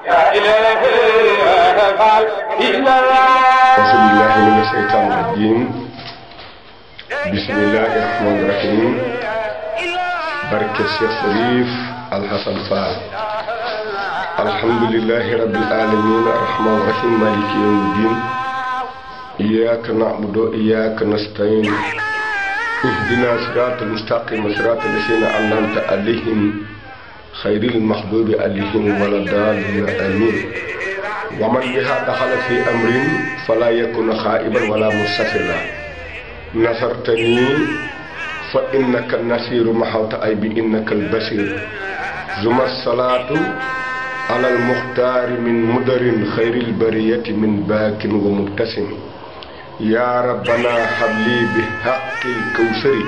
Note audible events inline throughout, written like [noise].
أعوذ بالله من الشيطان الرجيم بسم الله الرحمن الرحيم بركة الشيخ شريف الحسن فال الحمد لله رب العالمين الرحمن الرحيم مالك يوم الدين إياك نعبد وإياك نستعين اهدنا صراط المستقيم صراط الذين أنعمت عليهم خير المحبوب عليكم ولا الضالين آمين ومن بها دخل في أمر فلا يكون خائبا ولا مستفلا نصرتني فإنك النصير محوت أي بإنك البشير زم الصلاة على المختار من مدر خير البرية من باك ومبتسم يا ربنا حبلي بحق الكوثر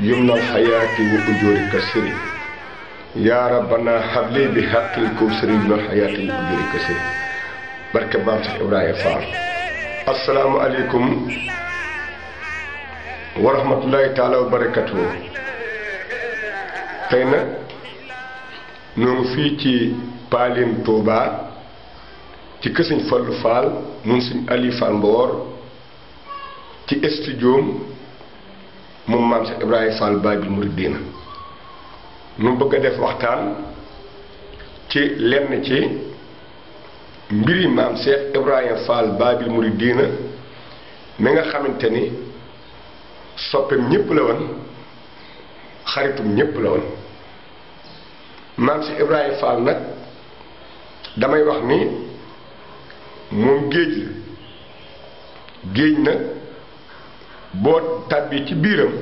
يمن الحياة وأجور كسري يا ربنا حبلي بحق الكوسري بحياة الأجري كسر بركة بارك إبراهيم فار السلام عليكم ورحمة الله تعالى وبركاته تينا نون في تي بالين توبا تي كسن فالو فال نون سن علي فانبور تي استجوم مو مانس إبراهيم فال باب المردينة mu bëgg a def waxtaan ci lenn ci mbiri maam Cheikh Ibrahima Fall Babil Mouridina mi nga xamante ni soppeem ñépp la woon xaritum ñépp la woon maam Cheikh Ibrahima Fall nag damay wax ni moom géej la géej nag boo tàbbi ci biiram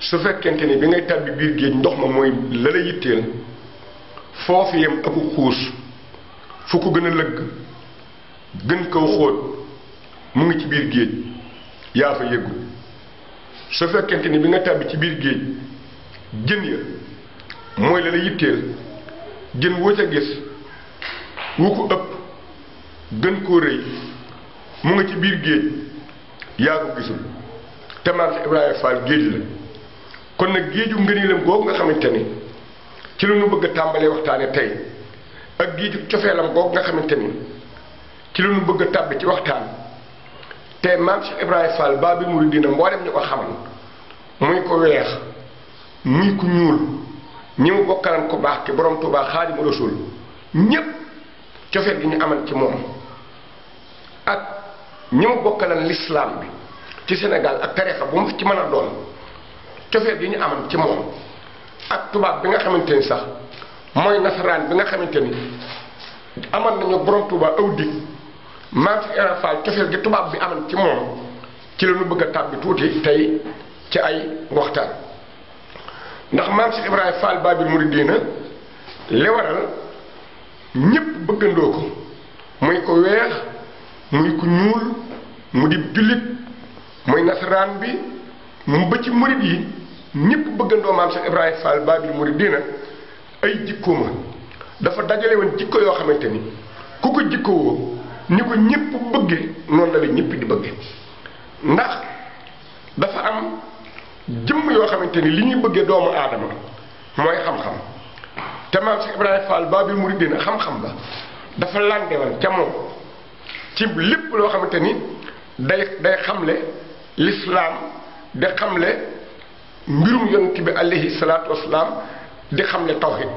su fekkente ni bi ngay tàbbi biir géej ndox ma mooy la la yitteel foofu yem aku xuus fu ko gën a lëgg gën koo xóot mu ngi ci biir géej yaa fa yëggu su fekkente ni bi nga tàbbi ci biir géej jën ya mooy la la jën woo a gis wu ko ëpp gën koo rëy mu ngi ci biir géej yaa ko gisul te Maam Ibrahima Fall géej la kon nag géeju ngëneelam googu nga xamante ni ci la bëgg a tàmbalee waxtaane tey ak géeju cofeelam googu nga xamante ni ci la bëgg a tàbbi ci waxtaan te maam Cheikh Ibrahima Fall Baabul Muridiina mboolem ñu ko xamal muy ko weex muy ku ñuul ñi mu bokkalan ko baax ki borom Tuubaa Xaadimu Rasuul ñépp cofeel gi ñu amal ci moom ak ñi mu bokkalan lislaam bi ci senegal ak tarixa bu mu ci mën a doon cofeel yi ñu amoon ci moom ak tubaab bi nga xamante ni sax mooy nasaraan bi nga xamante ni amoon nañu borom tubaab aw dig maam si Fall cofeel gi tubaab bi amoon ci moom ci la ñu bëgg tàbbi tuuti tey ci ay waxtaan ndax maam si Ibrahima Fall Babil Mouridina li waral ñépp bëggandoo ko muy ko weex muy ku ñuul mu di jullit muy nasaraan bi mu ba ci murid yi ñëpp bëggandoo maam Cheikh Ibrahima Fall Babil Mouridina ay jikkooma dafa dajale woon jikko yoo xamante ni ku ko jikkowoo ni ko ñëpp bëgge noonu la la ñëpp di bëgge ndax dafa am jëmm yoo xamante ni li ñuy bëggee doomu aadama mooy xam-xam te maam Cheikh Ibrahima Fall Babil xam-xam la dafa lande woon ca moom ci lépp loo xamante ni day day xamle lislaam di xamle mbirum yonent bi alayhi salaatu wasalaam di xam ne tawxid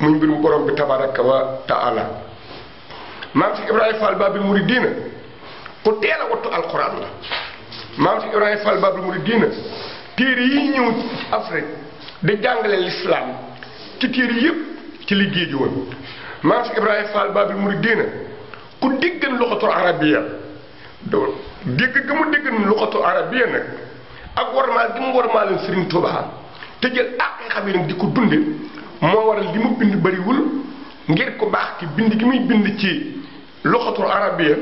muy mbirum borom bi tabaraka wa taala maam si Ibrahima Fall Babil Muridiina ku teel a wattu alquran la maam si Ibrahima Fall Babil Muridiina téere yi ñëw ci Afrique di jàngale lislaam ci téere yëpp ci liggéey ji woon maam si Ibrahima Fall Babil Muridiina ku déggan luxatul arabiya dégg ga mu déggan luxatul arabiya nag ak warmaal gi mu warmaaloon Serigne Touba te jël àq xam yi di ko dunde moo waral li mu bind bariwul ngir ko baax ki bind gi muy bind ci loxatul arabiya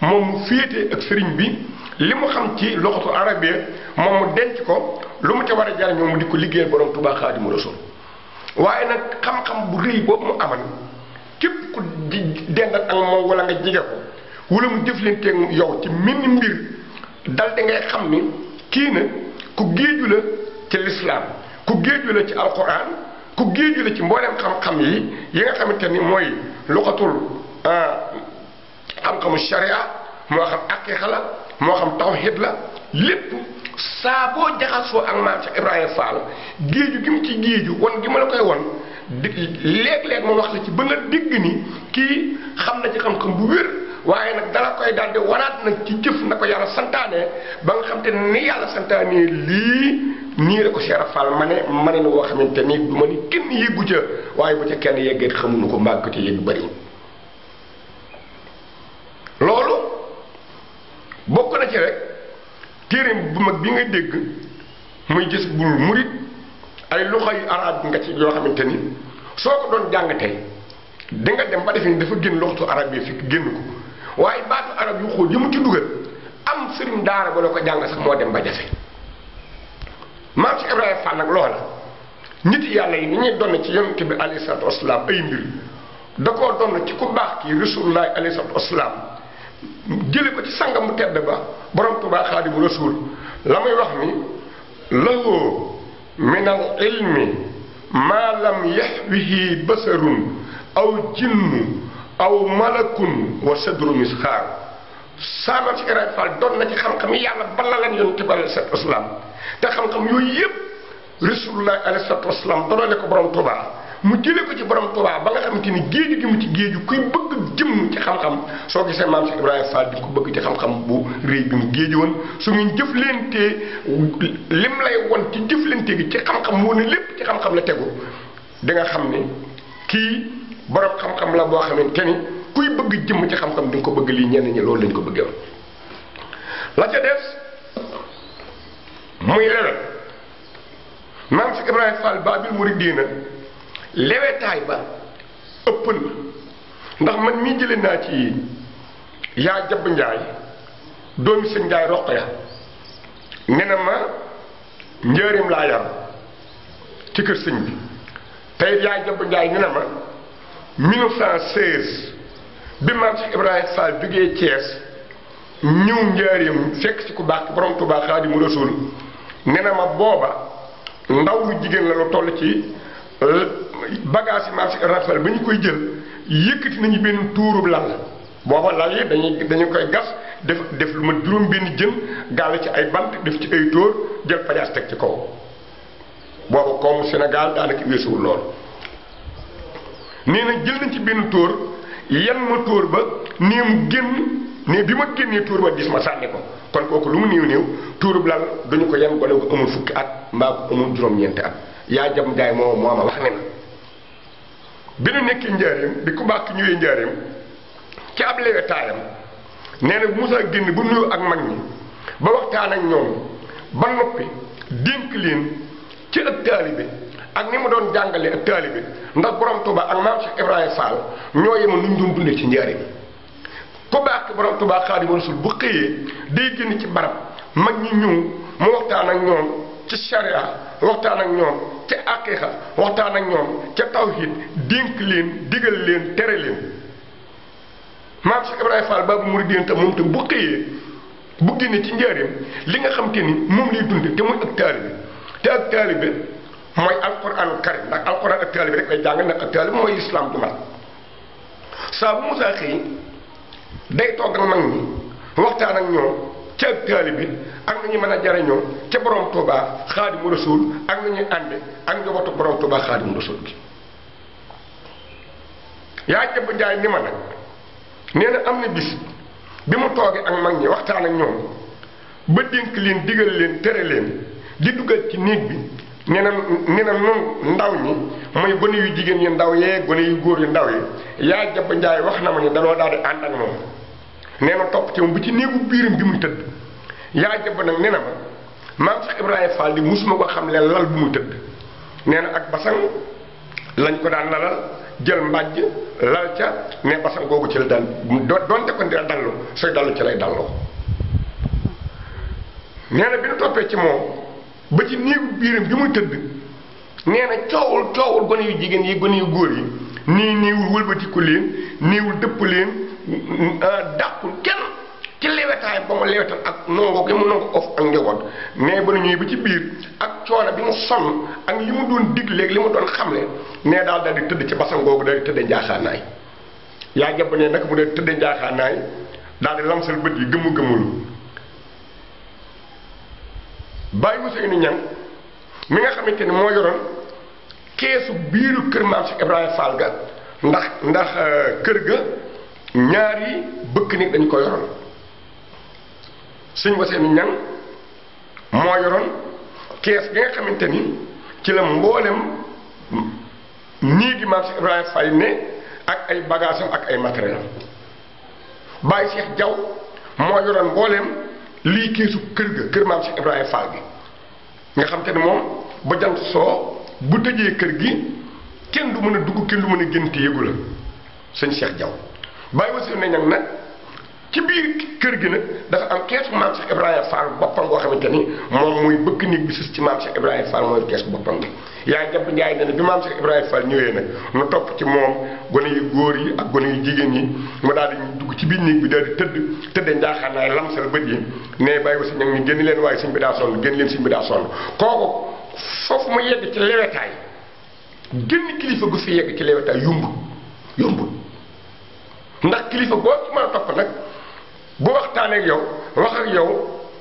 moom mu ak sëriñ bi li mu xam ci loxatul arabiya moom mu denc ko lu mu ca war a jariñoo mu di ko liggéeyal borom Touba Xaadimu Rasuul waaye nag xam-xam bu rëy boobu mu aman képp ku dendal ak moom wala nga jege ko wala mu jëflanteeg yow ci minn mbir dal di xam ni kii na ku géeju la ci lislaam ku géeju la ci alquran ku géeju la ci mbooleem xam-xam yi yi nga xamante ni mooy luxatul ah, xam-xamu sharia moo xam aqiqa la moo xam tawhid la lépp saa boo jaxasoo ak maam Cheikh Ibrahima Fall géeju gi mu ci géeju wan gi ma la koy wan di léeg-léeg ma wax la ci ba nga dégg ni kii xam na ci xam-xam bu wér waaye nag dala koy daal di waraat nag ci jëf na ko yàlla santaane ba nga xam te ni yàlla santaane lii nii la ko Cheikh Fall ma ne ma ne woo xamante ni du ma ni kenn yëggu ca waaye bu ca kenn yeggee xamuñu ko mbaa ko ci yëgg bëri loolu bokk na ci rek téere bu mag bi nga dégg muy gis bul murit ay loxo yu arab nga ci yoo xamante ni soo ko doon jàng tey di nga dem ba defe ni dafa génn loxtu arab yi fi génn ko waaye baatu arab yu xóot yi mu ci dugal am sëriñ daara ba la ko jàng sax moo dem ba jafe maam si Ibrahima Fall nag loola nit yàlla yi ni ñuy donn ci yonent bi alayhi salaatu wasalaam ay mbir da koo donn ci ku baax kii rasulullahi alayhi salaatu wasalaam jële ko ci sangam tedd ba borom Tuubaa Xaadimu Rasuul la muy wax ni lahu min al ilmi maa lam yaxwihi aw jinnu aw malakun wa sadru misxaar saamal si Ibrahima Fall doon na ci xam-xam yi yàlla bala leen yonent bi alayhi salaatu wasalaam te xam-xam yooyu yëpp rasulullah alayhi salaatu wasalaam doonale ko borom Tuubaa mu jëlee ko ci borom Tuubaa ba nga xamante ni géeju gi mu ci géeju kuy bëgg jëm ci xam soo gisee maam si di ko bëgg ci xam-xam bu réy bi mu géeju woon su ngeen jëflantee lim lay won ci jëflante gi ci xam-xam woon lépp ci xam la tegu di xam ne kii. borom xam-xam la boo xamante ni kuy bëgg jëmm ci xam-xam di ko bëgg lii ñenn ñi loolu lañ ko bëggee woon la ca des muy lewet maam si Ibrahima Fall Babil Mouridina lewetaay ba ëpp ndax man mii jële naa ci yaa jab njaay doomi sëñ njaay roq ya ne ma njëriñ laa ci kër sëñ bi tey yaa jab njaay ne ma 1916 bi maam Cheikh Ibrahima Fall jógee Thiès ñëw njaareem fekk ci ku baax borom Tuubaa Xaadimu Rasuul nee na ma booba ndaw lu jigéen la lu toll ci euh, bagage yi maam Cheikh ba ñu koy jël yëkkati nañu benn tuurub la booba lal yi dañuy dañu koy gas def def lu ma juróom benn jën gàll ci ay bant def ci ay tóor jël pajaas teg ci kaw booba koomu Sénégal daanaka weesuwul lool nee na jël nañ ci benn tóor yan ma tóor ba nii mu génn ne bi ma génnee tóor ba gis ma sànni ko kon kooku lu mu néew néew tóorub lal duñu ko yan gone amul fukki at mbaa ko at yaa jam jaay moo moo ma wax ne na bi nu nekkee ku baax ki ñëwee njaareem ci ab lewetaayam nee na Moussa génn bu nuyu ak mag ñi ba waxtaan ak ñoom ba noppi dénk leen ci ak taalibe ak ni mu doon jàngale ak taalibe ndax boroom Touba ak maam Cheikh Ibrahima Fall ñoo yemoon nu ñu doon ci njariñ ku baax ki borom Touba Xaadimu Rasuul bu xëyee day génn ci barab mag ñi ñëw mu waxtaan ak ñoom ci sharia waxtaan ak ñoom ci aqiqa waxtaan ak ñoom ca tawhid dénk leen digal leen tere leen maam Cheikh Ibrahima Fall baabu murideen tam moom tam bu xëyee bu génne ci njariñ li nga xam te ni moom lay dunde te muy ak taalibe te ak taalibe moy Alquran karim ndax alquran ak talib rek lay jang nak talib moy islam du mat sa bu musaa xëy day tok ak mag ñi waxtaan ak ñoo ci ak taalibe ak ñi mëna a ñoo ci borom toba khadim rasul ak ñi ànde ak njabootu borom toba khadim rasul gi ci bu jaay ni ma nak neena amna bis bi mu toge ak mag ñi waxtan ak ñoo ba denk leen digal leen tere leen di duggal ci néeg bi nee na nee ndaw ñi moy gone yu jigen yu ndaw ye gone yu góor yu ndaw ye ya jab njaay wax na ma ni lo daal di ak mom nee top ci bu ci birim bi muy ya nak ma sax ibrahim fall di musuma ko xam le lal bu muy tëdd nee ak basang lañ ko daan lalal jël mbajj lal ca ne basang gogu ci la don donte ko ndira dallu sooy dalu ci lay dalloo nee bi nu ci mom ba ci néegu biiram bi muy tëdd nee na coowul coowul gone yu jigéen yi gone yu góor yi nii niiwul wëlbatiku leen niiwul dëpp leen ah, dàqul kenn ci lewetaay ba mu lewetal ak nongoo gi mu nongo of ak njaboot nee ba nu ñuy ba ci biir ak coono bi mu sonn ak li mu doon digleeg li mu doon xam ne nee daal daal tëdd ci basan googu daal di tëdd njaaxaanaay yaa jàpp ne nag mu dee tëdd njaaxaanaay daal di lamsal bët yi gëmu gëmul bàyyi Ousseynou Niang mi nga xamante ni moo yoroon keesu biiru kër maam Cheikh Ibrahima Fall ga ndax ndax euh, kër ga ñaari bëkk dañ dañu ko yoroon sëñ Ousseynou Niang moo yoroon kees gi nga xamante ni ci la mboolem nii gi maam Cheikh Ibrahima Fall ne ak ay bagages ak ay matériels Baye Cheikh Diaw moo yoroon mboolem. lii keesu kër ga kër maam si Ibrahima Fall bi nga xam te ne moom ba jant soo bu tëjee kër gi kenn du mën a dugg kenn lu mën a génn te yëgu la sëñ Cheikh jaw bàyyi wasi ne ñag nag ci biir kër gi nag dafa am keesu maam Cheikh Ibrahima Fall boppam boo xamante ni moom muy bëgg nit bi ci maam Cheikh Ibrahima Fall mooy keesu boppam bi yaa jàpp Njaay ne ne bi maam Cheikh Ibrahima Fall ñëwee nag mu topp ci moom gone yu góor yi ak gone yu jigéen yi mu daal di dugg ci biir néeg bi daal di tëdd tëddee njaaxaan naay lamsal bët yi ne bàyyi ba si ñoom ñu leen waaye suñ bi daa sonn génn leen suñ bi daa sonn kooku foofu mu yegg ci lewetaay génn kilifa gu fi yegg ci lewetaay yumb yumb ndax kilifa boo ci mën nag bu waxtaanee yow wax ak yow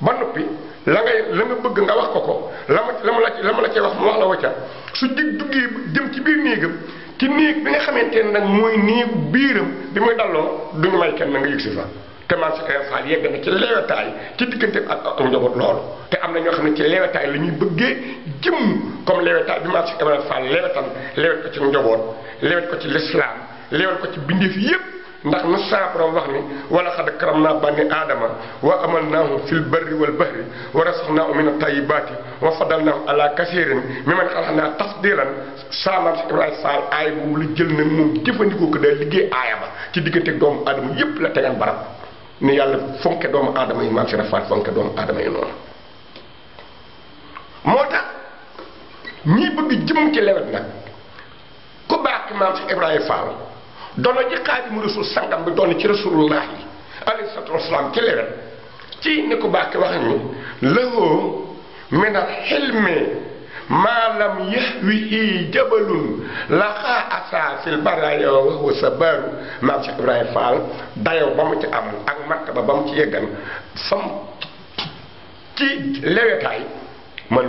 ba noppi la ngay la nga bëgg nga wax ko ko la ma la ma la la ma la cay wax mu wax la wacca su jig duggee jëm ci biir néegam ci néeg bi nga xamante ne nag mooy néeg biiram bi muy dalloo duñu may kenn nga yëg si fa te man si kayam faal yegg na ci leewataay ci diggante ak ak njaboot loolu te am na ñoo xam ne ci leewataay la ñuy bëggee jëm comme leewataay bi man si kayam faal leewatan leewet ko ci njaboot leewet ko ci lislaam leewet ko ci bindeef yépp ndax na saa wax ni wala xad karam naa bànni aadama wa amal naahum fil barri wal bahri wa rasaxnaahum wa fadalnaahum ala kasirin mi man xalax naa tafdilan saamam si Ibrahima Sall aay boobu la jël na ci diggante doomu aadama la yàlla fonke doomu aadama yi maam si rafaat fonke doomu ci lewet dono ji xaadimu rasul sangam bi doon ci rasulullah yi alayhi salaatu wasalaam ci leeral ci ni ko bàkke wax ni lahoo min al xilmi maa lam yahwi ii jabalun laxaa asaa fil baraaya wa huwa sabaaru maam Cheikh Ibrahima Fall dayoo ba mu ci am ak martaba ba mu ci yeggan sam ci lewetaay man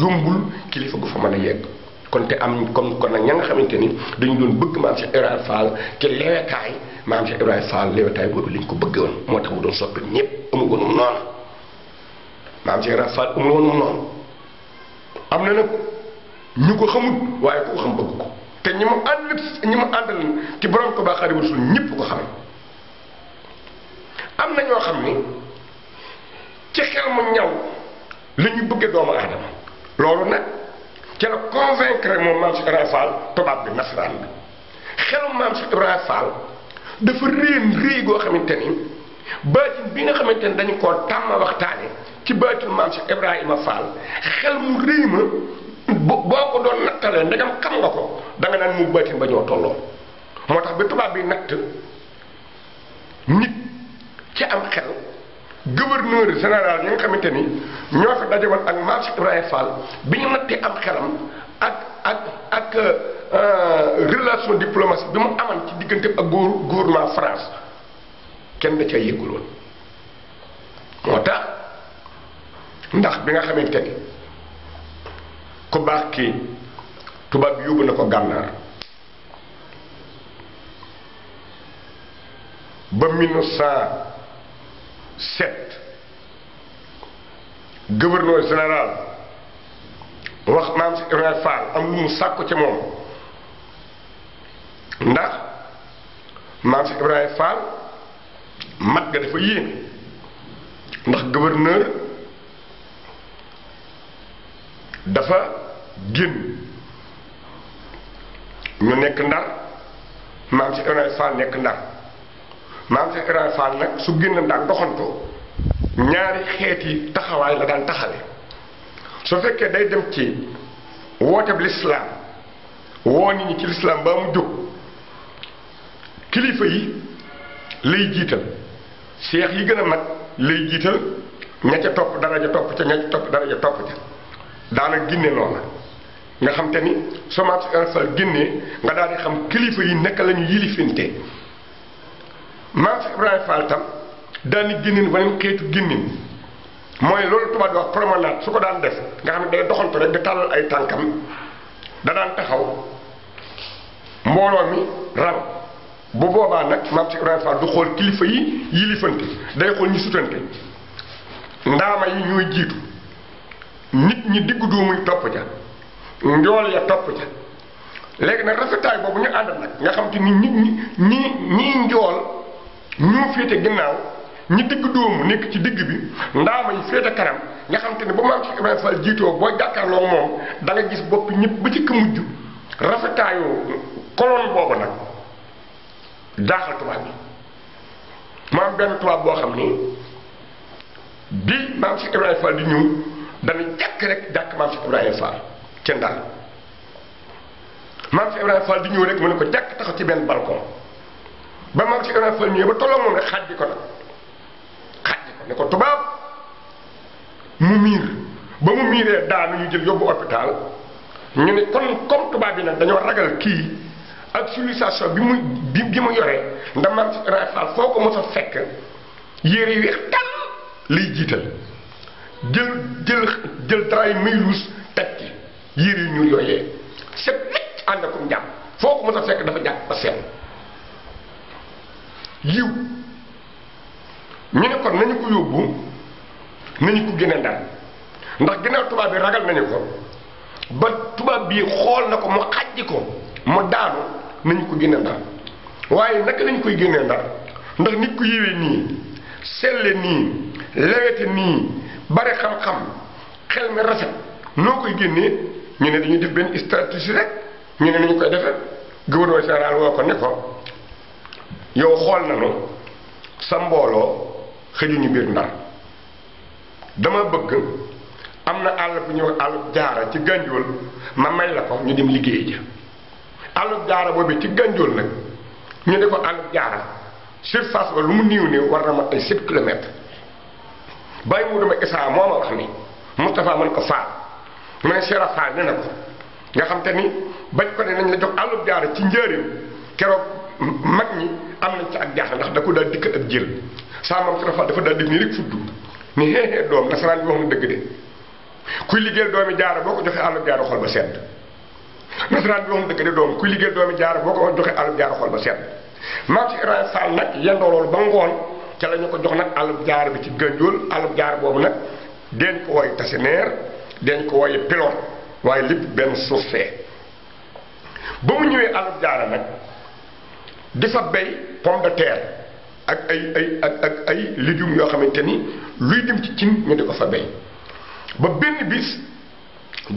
yumbul kilifa gu fa mën a yegg kon te am comme kon nag ña nga xamante ni dañu doon bëgg maam Cheikh Ibrahima Fall te lewetaay maam Cheikh Ibrahima Fall lewetaay boobu liñ ko bëgg woon moo tax mu doon soppi ñëpp amul woon noonu maam Cheikh Ibrahima na nag ko xamul xam bëgg ko te ñi mu ànd ci borom ko baax ko xam am na ñoo xam ni ci xel mu ñaw la ñu bëgge doomu aadama loolu nag. ca la convaincre moom maam Cheikh Ibrahima Fall tubaab bi nasaraan bi xelum maam Cheikh Ibrahima Fall dafa réen réy goo xamante ni baatin bi nga xamante ni dañu ko tàmm waxtaane ci baatin maam Cheikh Ibrahima Fall xel mu réy ma boo ko doon nattalee ndegam xam nga ko da nga naan mu baatin ba ñoo tolloo moo tax bi tubaab bi natt nit ci am xel gouverneur général yi nga xamante ni ñoo fa dajewoon ak marché Cheikh Ibrahima Fall bi ñu nattee am xelam ak ak ak euh, relation diplomatique bi mu amoon ci diggante ak góor gouvernement France kenn da ca yëgul moo tax ndax bi nga xamante ni ku baax kii tubaab yóbbu na ko gànnaar ba 1900 sept gouverneur général wax maam si Ibrahima Fall am lu mu sàkku ci moom ndax maam si Ibrahima Fall mat nga dafa yéen ndax gouverneur dafa génn ñu nekk ndar maam si Ibrahima Fall nekk ndar maam Cheikh Ibra nag su génnam daan doxantoo ñaari xeeti taxawaay la daan taxawe su fekkee day dem ci woote bi lislaam woo nit ñi ci lislaam ba mu jóg kilifa yi lay jiital seex yi gën a mag lay jiital ña ca topp daraja topp ca ña ca topp daraja topp ca daana génne noonu nga xam te ni semence universelle génnee nga daal di xam kilifa yi nekk lañu ñu yilifinte maam si Ibrahima Fall tam daani génnin waneen xeetu génnin mooy loolu tubaab di wax promenade su ko daan def nga xam ne day doxantu rek di tàllal ay tànkam da daan taxaw mbooloo mi rang bu boobaa nag maam si Ibrahima du xool kilifa yi yilifante day xool ñi sutante ndaama yi ñooy jiitu nit ñi diggu duumuy topp ja njool ya topp ja léegi nag rafetaay boobu ñu àndal nag nga xam te ni nit ñi ñi ñii njool ñoo féete ginnaaw ñi digg dóomu nekk ci digg bi ndaama yi féete kanam ña xam te ne ba maam Cheikh Ibrahima Fall jiitoo boo jàkkaarloo moom da gis bopp ñëpp ba ci ka mujj rafetaayoo kolon boobu nag jaaxal tubaab bi maam benn tubaab boo xam ni bi maam Cheikh Ibrahima Fall di ñëw dana jàkk rek jàkk maam Cheikh Ibrahima Fall ca Ndar maam Cheikh Ibrahima Fall di ñëw rek mu ne ko jàkk taxaw ci benn balcon ba mag ci Ibra Fall ñëwee ba tolloo moom rek xaaj bi ko nag xaaj bi ko ne ko tubaab mu miir ba mu miiree daanu ñu jël yóbbu hôpital ñu ne kon comme tubaab bi nag dañoo ragal kii ak civilisation bi mu bi bi mu yoree ndax maam ci foo ko mos a fekk yére weex tal liy jiital jël jël jël tray muy luus teg ci yére yu ñuul yooyee set wecc ànd akum jàpp foo ko mos a fekk dafa jàpp ba seen yiw ñu ne kon nañu ko yóbbu nañu ko génne Ndar ndax ginnaaw tubaab bi ragal nañu ko ba tubaab bi xool na ko mu xàjji ko mu daanu nañu ko génne Ndar waaye naka lañu koy génne Ndar ndax nit ku yiwee nii selle nii lewete nii bare xam-xam xel mi rafet noo koy génnee ñu ne dañuy def benn stratégie rek ñu ne nañu koy defee gouverneur général woo ko ne ko yow xool nanu sa mbooloo xëjuñu biir ndar dama bëgg am na àll bu ñëw àll jaara ci gànjool ma may la ko ñu dem liggéey ja àll jaara boobu ci gànjool nag ñu ne ko àll jaara surface ba lu mu niiw nii war na ma ay sept kilomètres bàyyi mu dama isaa moo ma wax ni Moustapha man ko faal mu ne Cheikh Faal ne ko nga xam ni bañ ko ne nañ la jox àll jaara ci njëriñ keroog mag ñi am nañ ci ak jaaxle ndax da ko daal dikk ak jël saa moom Ibra Fall dafa daal di nii rek fudd ni xeexee doom nasaraan bi wax na dëgg de kuy liggéey doomi jaar boo ko joxee àllub jaara xol ba sedd nasaraan bi wax na doom kuy liggéeyal doomi jaara boo ko joxee àllub jaara xol ba sedd maam ci Ibra Fall nag yendoo loolu ba ngoon ca lañu ko jox na àllub jaara bi ci gënjool àllub jaara boobu nag deñ ko wooye tasineer deñ ko wooye pilote waaye lépp benn suuf fee ba mu ñëwee àllub nag di fa bay pomme de terre ak ay ay ak ay légumes yoo xamante ni luy dem ci cin ñu di ko fa bay ba benn bis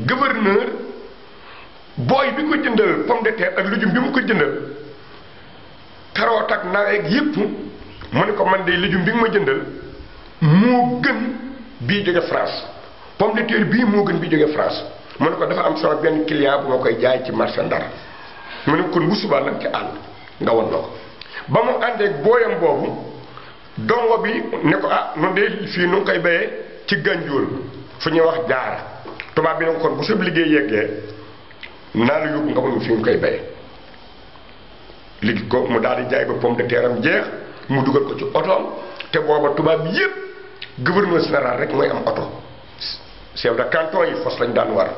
gouverneur booy bi ko jëndal pomme de terre ak légume bi mu ko jëndal carotte ak nawet yépp mu ne ko man de légume bi nga ma jëndal moo gën bii jóge France pomme de terre bii moo gën bi jóge France mu ne ko dafa am sama benn client bu ma koy jaay ci marché Ndar mu ne kon bu subaa nag ci àll nga won na ko ba mu àndeeg booyam boobu dongo bi ne ko ah noonu de fii nu ngi koy béyee ci gànjool fu ñuy wax jaara tubaab bi ne ko bu sab liggéey yeggee naa la yóbbu nga won fi nga koy béyee liggéey ko mu daal di jaay ba pomme de terre am jeex mu dugal ko ci otoom te booba tubaab yépp gouverneur général rek mooy am oto chef de yi fos lañ daan war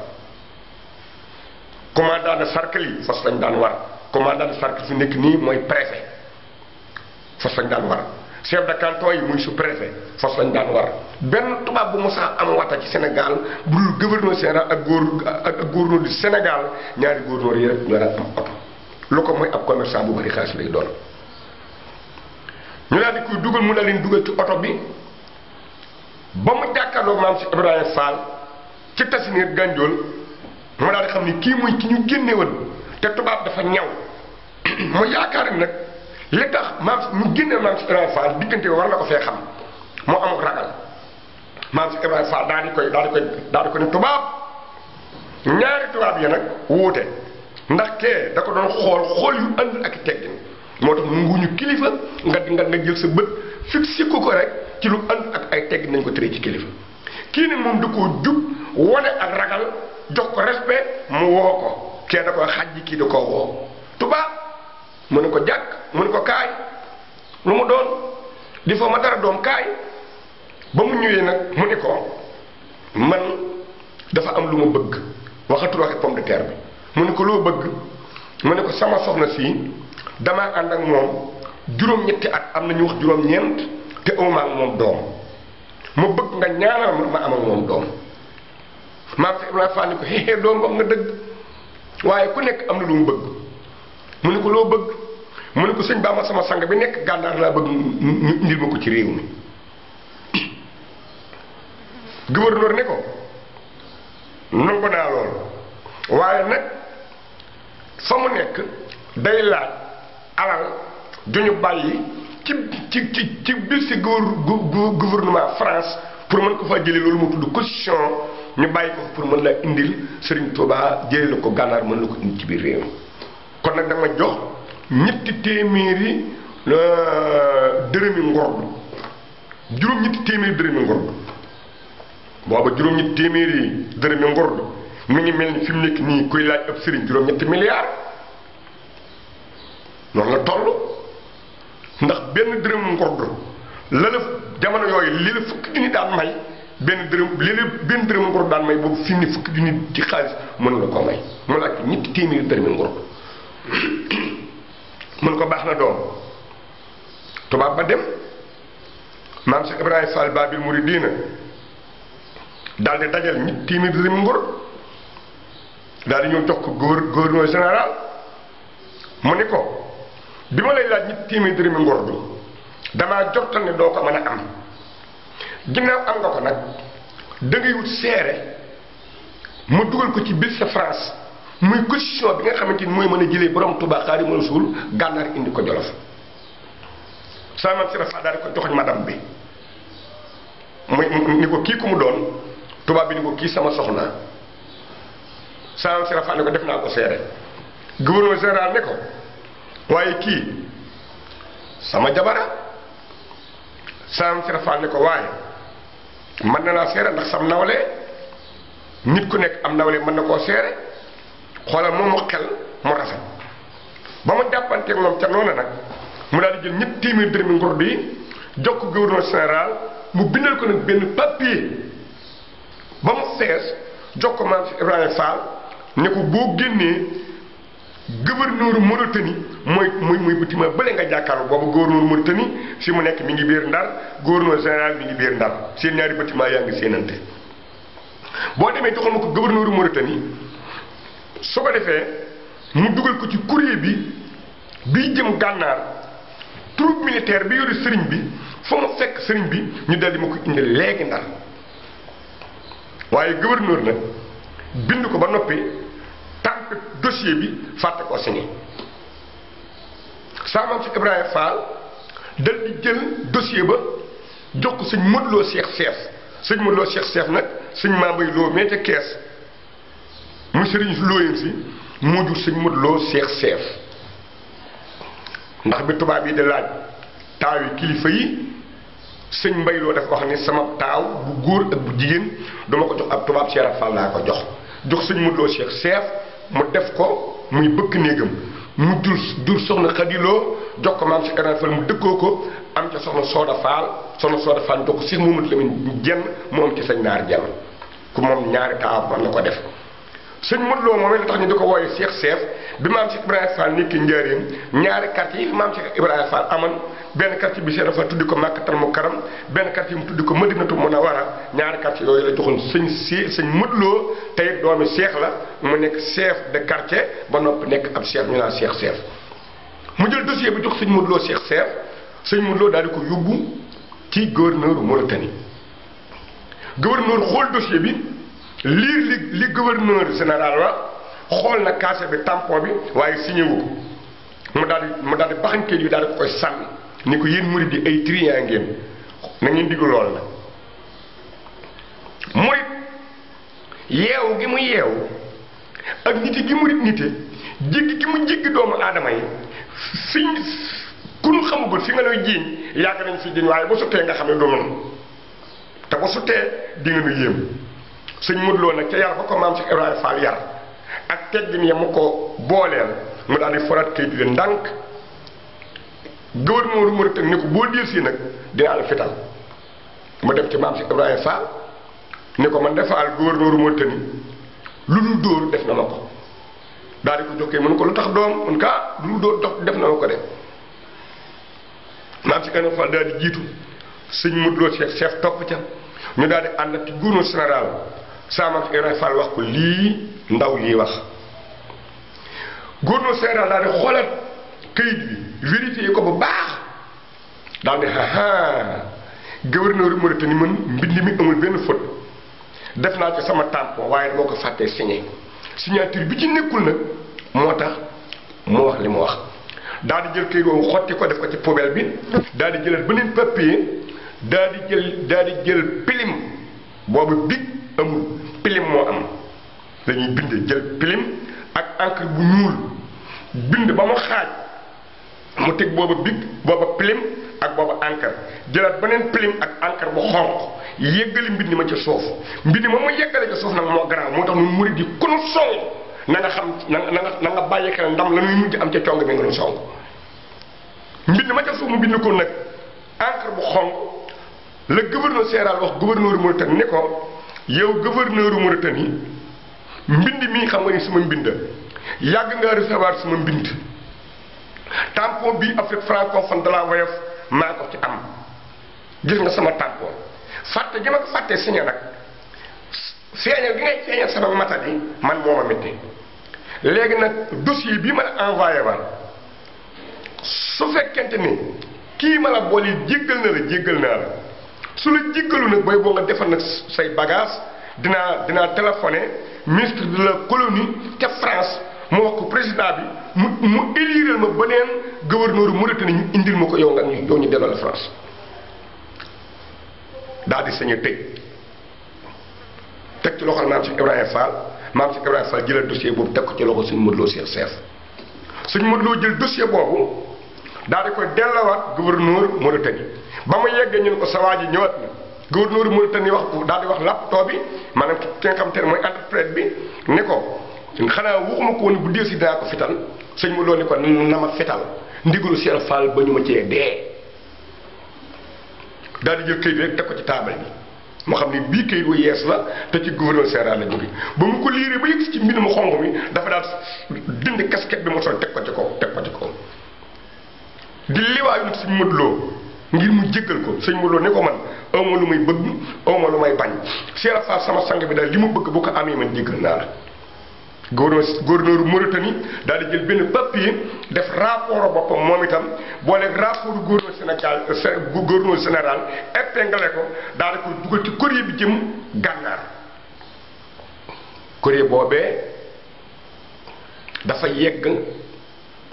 commandant de cercle yi fos lañ daan war commandant sark fi nek ni moy préfet fa sañ dal war chef de canton yi muy sous préfet fa sañ dal war ben tuba bu musa am wata ci sénégal bu gouverneur général ak goor ak gouverneur du sénégal ñaari gouverneur yi rek ñoo daan am auto lu ko moy ab commerçant bu bari xass lay doon ñu la di koy duggal mu na leen dugal ci auto bi ba mu jakkalo mam ci ibrahim sall ci tassine ganjol mo dal xamni ki ni muy ki ñu génne woon te tubab dafa ñaw [clears throat] mu yaakaar nag li tax maam mu génne maam si Ibrahima Fall diggante war na ko fee xam mu amul ragal maam si Ibrahima Fall daal koy daal di koy daal di ko ni tubaab ñaari tubaab yi nag wuute ndax kee da ko doon xool moo tax nguñu kilifa nga nga nga jël sa bët fixé ko ko rek ci lu ànd ay teggin nañ ko tëree ci kilifa kii nag moom da koo jub wane ak ragal jox ko respect mu woo ko kee da koy xaj kii da koo woo tubaab. mu ne ko jàkk mu ne ko kaay lu mu doon di foo ma dara doom kaay ba mu ñëwee nag mu ne ko man dafa am lu ma bëgg waxatul waxe pomme de terre bi mu ne ko bëgg mu ne ko sama soxna si dama ànd ak moom juróom-ñetti at am na ñu wax juróom-ñeent te awma ak moom doom ma bëgg nga ñaanal ma am ak moom doom maam fi Ibrahima Fall ni ko xeexee doom nga dëgg waaye ku nekk am na lu mu bëgg mu ne ko loo bëgg mu ne ko sëñ Bamba sama sang bi nekk gànnaar laa bëgg ñu indil ma ko ci réew mi [coughs] gouverneur ne ko nangu ko lool waaye nag fa mu nekk day laaj alal duñu bàyyi ci ci ci ci biir si gouvernement France pour mën ko faa jële loolu moo tudd caution ñu bàyyi ko pour mën laa indil Serigne Touba jëlee la ko gànnaar mën la ko indi ci biir réew mi kon nag dama jox ñetti téeméeri euh, dërëmi ngordu juróom ñetti téeméeri dërëmi ngordu booba juróom ñetti téeméeri dërëmi ngordu mi ngi mel ni fi nekk nii kuy laaj ab sëriñ juróom ñetti milliards noonu la toll ndax benn dërëm ngordu la la jamono yooyu li la fukki junni daan may benn dërëm li la benn dërëm ngordu daan may boobu fi mu fukk fukki junni ci xaalis mën la ko may mu laaj ñetti téeméeri dërëmi ngordu [coughs] mun ko baax na doom tubaab ba dem maam Cheikh Ibrahima Fall Babil Mouridina daal di dajal ñi téeméeri dërëm nguur daal ñëw jox ko góor gouverneur général mu ni ko bi ma lay laaj ñi téeméeri dërëm nguur bi damaa jortal ne doo ko mën a am ginnaaw am nga ko nag da ngay wut seere ma dugal ko ci biir sa France muy constitution bi nga xamante ni mooy mën a jëlee borom Touba Xaadimu Rasuul gànnaar indi ko Jolof sama maam si rafet di ko joxoñ madame bi muy ni ko kii ku mu doon tubaab bi ni ko kii sama soxna sama maam si ne ko def naa ko seere gouverneur général ne ko waaye kii sama jabara sama maam si ne ko waaye mën na laa seere ndax sam nawle nit ku nekk am nawle mën na koo seere xolal moom mo xel mo rafet ba jappante ak mom ca nona nak mu dal di jël ñëpp timi dërëmi ngor bi jokk gouverneur général mu bindal ko nak ben papier ba mu fess jokk ma maam Ibrahima Fall ne ko bo génnee gouverneur Mauritanie moy moy moy bitima bële nga jàkkaarloo bo gouverneur Mauritanie si mu nek mi ngi biir Ndar gouverneur général mi ngi biir Ndar seen ñaari bitima yaa seenante bo démé demee gouverneur Mauritanie su ko defee mu dugal ko ci courrier bi biy jëm gànnaar troupe militaire bi yore sëriñ bi fa mu fekk sëriñ bi ñu daldi ma ko indi léegi ndar waaye gouverneur nag bind ko ba noppi tànk dossier bi fàtte ko signé saa maam si Ibrahima Fall dal jël dossier ba jox ko sëñ Modou Lo Cheikh Seef sëñ Modou Lo Cheikh Seef nag sëñ Mambay Lo mee ca kees mu sëriñ looyeen si moo jur sëñ Modou Lo Seex Seef ndax bi tubaab yi di laaj taaw yi kilifa yi sëñ Mbay Lo dafa wax ne sama taaw bu góor ak bu jigéen duma ko jox ab tubaab Cheikh Fall laa ko jox jox sëñ Modou Lo Seex Seef mu def ko muy bëkk néegam mu jur jur soxna Xadi Lo jox ko maam si Ibra mu dëkkoo ko am ca soxna Sooda Fall soxna Sooda Fall jox ko mu Mamadou Lamine jenn mu am ci sañ naar jenn ku moom ñaari taaw man la ko def sëñ Modou Lo moom it tax ñu di ko wooyee Cheikh Seef bi maam Cheikh Ibrahima Fall nekki njëriñ ñaari quartier yi maam Cheikh Ibrahima Fall amoon benn quartier bi Cheikh Fall tuddi ko Makkatal Mukarram benn quartier mu tuddi ko Madinatu Munawwara ñaari quartier yooyu la joxoon sëñ si sëñ Modou Lo tey doomi Cheikh la mu nekk chef de quartier ba noppi nekk ab Cheikh ñu naan Cheikh Seef mu jël dossier bi jox sëñ Modou Lo Seef sëñ Modou Lo daal di ko yóbbu ci gouverneur Mauritanie gouverneur xool dossier bi. lii li li gouverneur général la xool na cachet bi tampon bi waaye signé wu ko mu daal di mu daal di baxañ kayit bi daal di koy sànni ni ko yéen murid yi ay trian ngeen diggu lool la murid yeewu gi mu yeewu ak nite gi murid nite jéggi gi mu jéggi doomu aadama yi fi ku nu xamagul fi nga lay jiiñ yàgg nañ fi jiiñ waaye ba suttee nga xam ne du noonu te ba suttee di nga yéem sëñ Modou Lo nag ca yar ba ko maam Cheikh Ibrahima Fall yar ak teggin ya mu ko booleel mu daal di foraat kayit bi ndànk gouverneur Mauritanie ni ko boo diir si nag dinaa la fital mu dem ci maam Cheikh Ibrahima Fall ni ko man defaal gouverneur Mauritanie lu dul dóor def na ma ko daal ko jokkee mënu ko lu tax doom mun kaa ah, lu dul dóor dox def na ma ko de maam si kanam Fall daal jiitu sëñ Modou Lo Cheikh Cheikh topp ca ñu daal di ànd ak ci gouverneur sama Ibrahima Fall wax ko lii ndaw lii wax góornóor seeraan daal di xoolal këyit bi vérifié ko bu baax daal di haa gouverneur Mauritanie man mbind mi amul benn faute def naa ci sama tampon waaye moo ko fàttee signé signature bi ci nekkul nag moo tax mu wax li mu wax daal di jël këyit boobu xotti ko def ko ci poubelle bi daal di jëlal beneen papier daal di jël daal di jël pilim boobu big amul pilim moo am dañuy bind jël pilim ak encre bu ñuul bind ba mu xaaj mu teg booba big booba pilim ak booba encre jëlaat beneen pilim ak encre bu xonq yëggali mbind ma ca suuf mbind ma mu yëggale ca suuf nag moo garaaw moo tax nu murid yi ku xam na nga na nga bàyyi xel la ñuy mujj am ca cong bi nga nu song ma ca mu bind ko nag encre bu xonq la gouverneur général wax gouverneur Mauritanie ne ko yow gouverneur Mauritanie mbind mi xam nga ni sama mbind yàgg nga recevoir sama mbind tampon bi Afrique francophone de la woyof maa ko ci am gis nga sama tampon fàtte gi ma ko fàttee signé nag feeñal gi ngay feeñal sama matadi man moo ma métti léegi nag dossier bii ma la envoyé ba su fekkente ni kii ma la boole jéggal na la jéggal naa la su la jéggalu nag bay boo nga defal nag say bagage dinaa dinaa téléphone ministre de la colonie ca France mu wax ko président bi mu mu ma beneen gouverneur Mauritanie ñu indi ma ko yow nga yow ñu delloo la France daal di sañ a tëj teg ci loxol maam Cheikh Ibrahima Fall maam Cheikh Ibrahima Fall jëlal dossier boobu teg ko ci loxo suñu Modou Lo Cheikh Seif suñu Modou Lo jël dossier boobu daal di koy delloowaat gouverneur Mauritanie ba mu yeggee ñun ko sa waa ji ñëwaat na gouverneur Mauritanie wax daal di wax laptoo bi maanaam ki nga xam te ne mooy interprète bi ni ko xanaa waxuma ko woon bu dee si daa ko fital sëñ mu doon ni ko na ma fital ndigalu Cheikh Fall ba ñu ma cee dee daal di jël këyit rek teg ko ci taabal bi mu xam ne bii këyit wu yees la te ci gouverneur général la jóge ba mu ko liiree ba yëg ci mbind mu xonq mi dafa daal dindi casquette bi mu sol teg ko ci kaw teg ko ngir mu jéggal ko sëñ mu Lo ne ko man awma lu muy bëgg awma lu may bañ cheikh saa sama sang bi dal li mu bëgg bu ko amé man jéggal na la gouverneur gouverneur Mauritanie daal di jël ben papier def rapport bopam moom itam boole rapport gouverneur Sénégal euh, gouverneur général épinglé ko dal ko duggal ci courrier bi jëm gànnaar courrier bobé dafa yegg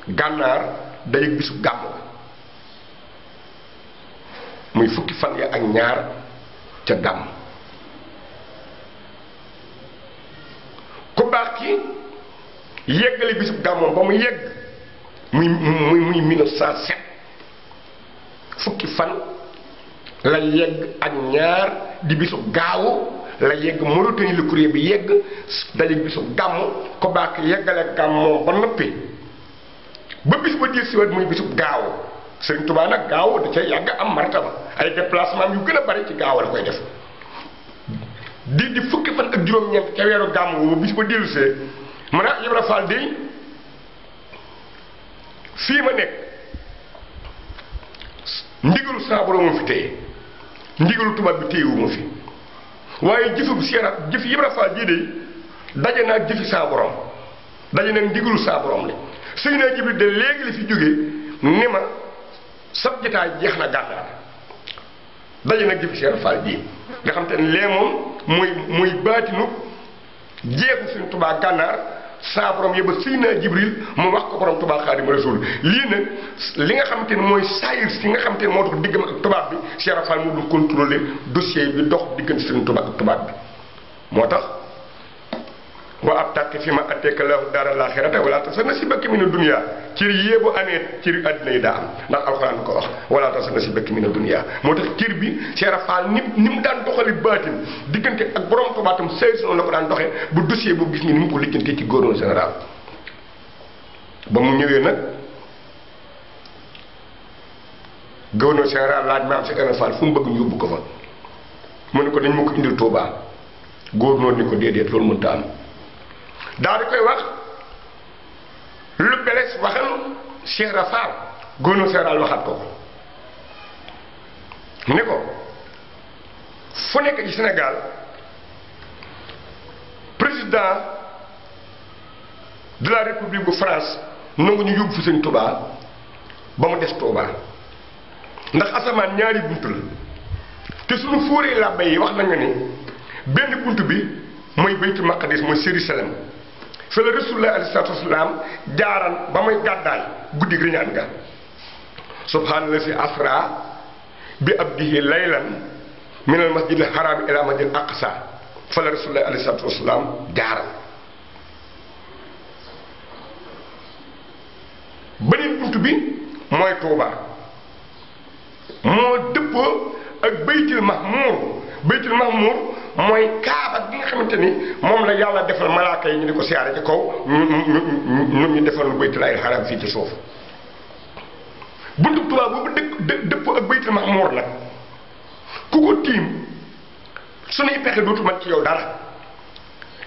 gannar day bisu gamu muy fukki fan ya ak ñaar ca dam ku baax ki yeggali bisu gàmmoom ba mu yegg muy muy muy 1907 fukki fan la yegg ak ñaar di bisu gaaw la yegg Mauritanie le courrier bi yegg dalik bisu gàmm ko baax yeggale gam gàmmoom ba noppi ba bis ba ci siwet muy bisu gaaw sëriñ tubaa nag gaaw da ca yàgg am martaba ay déplacement yu gën a bari ci gaaw koy def di di fukki fan ak juróom-ñeent ca weeru gàmm boobu bis ba dellusee man a Ibra Fall di fii ma nekk ndigalu saa borom fi téye ndigalu tubaab bi téyewu ma fi waaye jëfu seeraat jëf Ibra Fall di dey daje naa jëfi saa borom daje nag ndigalu saa borom li sëñ naa jibli de léegi fi jógee ni ma sab jotaay jeex na gàddaar daje nag jëfi Cheikh Fall bii nga xam te ne lee moom muy muy baatinu jeexu suñ tubaab gànnaar saa borom yëba Seydina Jibril mu wax ko borom tubaa Xaadimu Rasuul lii nag li nga xam te ne mooy saayir si nga xam te ne moo tax diggam ak tubaab bi Cheikh Fall mu dul contrôler dossier bi dox diggante suñ tubaab ak tubaab bi moo tax wa ab tàkk fi ma atteeka lahu daaral axirata wala tasa nasibaka mina dunya cër yee bu amee cër àddina yi daa am ndax alxuraan ko wax wala tasa moo tax cër bi Cheikh Fall ni ni ak borom tubaatam sëy si noonu la ko daan bu dossier bu gis ni ni mu ko lijjantee ci góoróon général mu ñëwee nag gouverneur général laaj maam si ko fa mu ne ko dañ ma ko indil Touba ko déedéet loolu mënta am daal di koy wax lu beles waxal Cheikh Rafaal góonu seeraal waxaat ko ko ne ko fu nekk ci Sénégal président de la république bu France nangu ñu yóbbu fi sëñ Touba ba mu des Touba ndax asamaan ñaari bunt la te suñu fóoree làbbe yi wax nañu ne benn bunt bi mooy Baytul Maqdis mooy Jérusalem fa la rasulullah alayhi salaatu wasalaam jaaran ba muy gàddaay guddi riñaan nga subhaanallah si asra bi abdihi laylan min al masjid al haram ila masjid al aqsa fa la rasulullah alayhi salaatu wasalaam jaaran beneen bunt bi mooy Touba moo dëppoo ak baytil mahmur baytil mahmur mooy kaaba bi nga xamante ni moom la yàlla defal malaaka yi ñu di ko siyaare ci kaw ñu ñu defal lu baytul haram fii ci suuf buntu Tuubaa boobu dëkk dëpp ak baytul mahmuur nag ku ko tiim suñuy pexe dootu man ci yow dara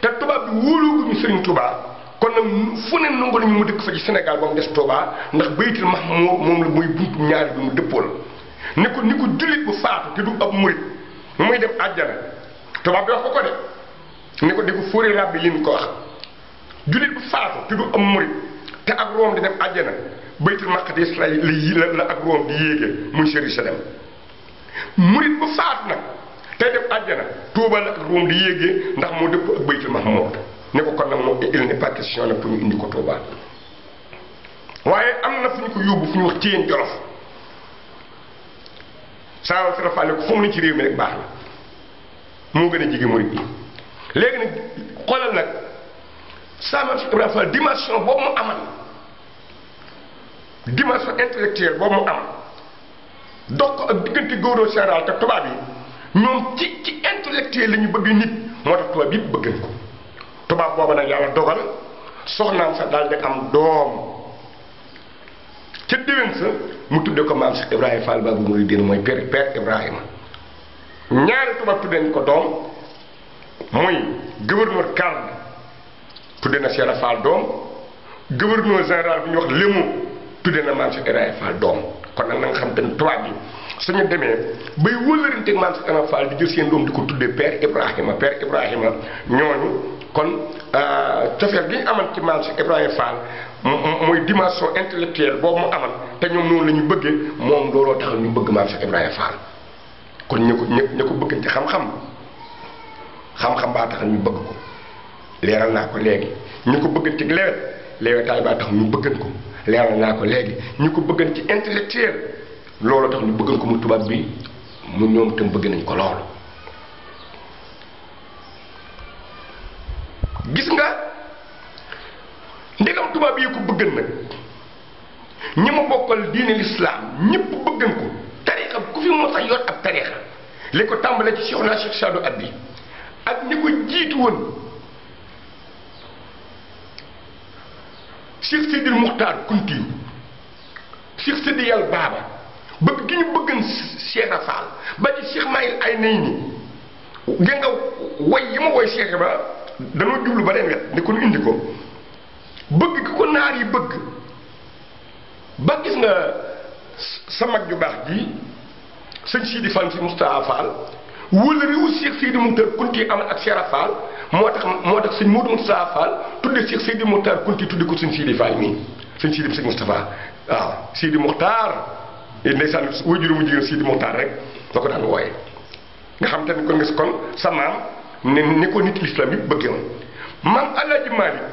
te tubaab bi wóolooguñu Sëriñ Tuubaa kon nag fu ne nangu nañu mu dëkk fa ci senegal ba mu des Touba ndax baytul mahmuur moom la mooy buntu ñaari bi mu dëppool ni ko ni ko jullit bu faatu te du ab murit muy dem àjjana tubaab bi wax ko ko de ne ko di ko fóoree bi lin ko wax jullit bu faatu tudd am murit te ak room di dem àjjana baytul maqdis la la ak room di yéegee muy Jérusalem murit bu faatu nag tey dem àjjana tuubal la ak room di yéegee ndax moo dëpp ak baytul mahmoud ne ko kon nag moo il n'est pas question nag pour ñu ko tuubaa waaye am na fu ñu ko yóbbu fu ñu wax ci yéen jolof saa wala si rafetlu ko fu mu ci réew mi baax na moo gën a jege murid yi léegi nag xoolal nag Sama Ibrahima Fall dimension boobu mu amal dimension intellectuelle boobu mu am dox ko ak diggante góoroo général te tubaab yi ñoom ci ci intellectuel la ñu bëgg nit moo tax tubaab yëpp bëgg ko tubaab booba nag yàlla dogal soxnaam sa daal di am doom ca déwén sa mu tuddee ko maam Cheikh Ibrahima Fall Baabul Muridiin mooy père père Ibrahima ñaari tubaab tudde nañ ko doom muy gouverneur Karl tudde na Cheikh Fall doom gouverneur général bi ñu wax Lému tudde na Maam Cheikh Ibra doom kon nag na nga xam te ne tubaab bi suñu demee bay wëlërante Maam Cheikh Ibra di jël seen doom di ko tuddee Père Ibrahima Père Ibrahima ñooñu kon euh, cofeel gi ñu amal ci Maam Cheikh Ibrahima Fall mooy dimension intellectuelle boobu mu amal te ñoom noonu la ñu bëggee moom looloo tax ñu bëgg Maam Cheikh Ibrahima kon ñu ko ñu ko bëgg ci xam-xam xam-xam baa tax ñu bëgg ko leeral naa ko léegi ñu ko bëgg ci lewet lewetaay baa tax bëggan ko naa ko léegi ñu ko bëggan ci intellectuel loolu tax ñu bëggan ko mu tubaab bi mu ñoom tam bëgg nañ ko loolu gis nga ndegam tubaab yi ko bëggan nag ñi ma bokkal diine lislaam ñépp bëggan ko ku fi mos a yor ab tarixa li ko tàmbale ci Cheikh naa Cheikh Sadou Abdi ko jiitu woon Cheikh Sidil Muxtaar Kunti Cheikh Sidi Yal Baaba bëgg gi ñu bëggan Cheikh a Fall ba ci Cheikh Mayil ay nay nii gën nga way yi ma woy Cheikh ba dañoo jublu ba leen ni ko nu indi ko bëgg ki ko bëgg ba gis nga sa mag ju sëñ Sidi Fall si Moustapha Fall wóllëre wu Cheikh Sidi Moukhtar Kounti am ak Cheikh Fall moo tax moo tax sëñ Modou Moustapha Fall tudde Cheikh Sidi Moukhtar Kounti tudde ko sëñ Sidi Fall mii sëñ Sidi sëñ Moustapha waaw Sidi Moukhtar ndeysaan a mu jigéen Sidi Moukhtar rek la ko daan wooye nga xam te ne kon nga si kon sa maam ne ni ko nit l'islam yi bëggee woon maam Alaaji Maalik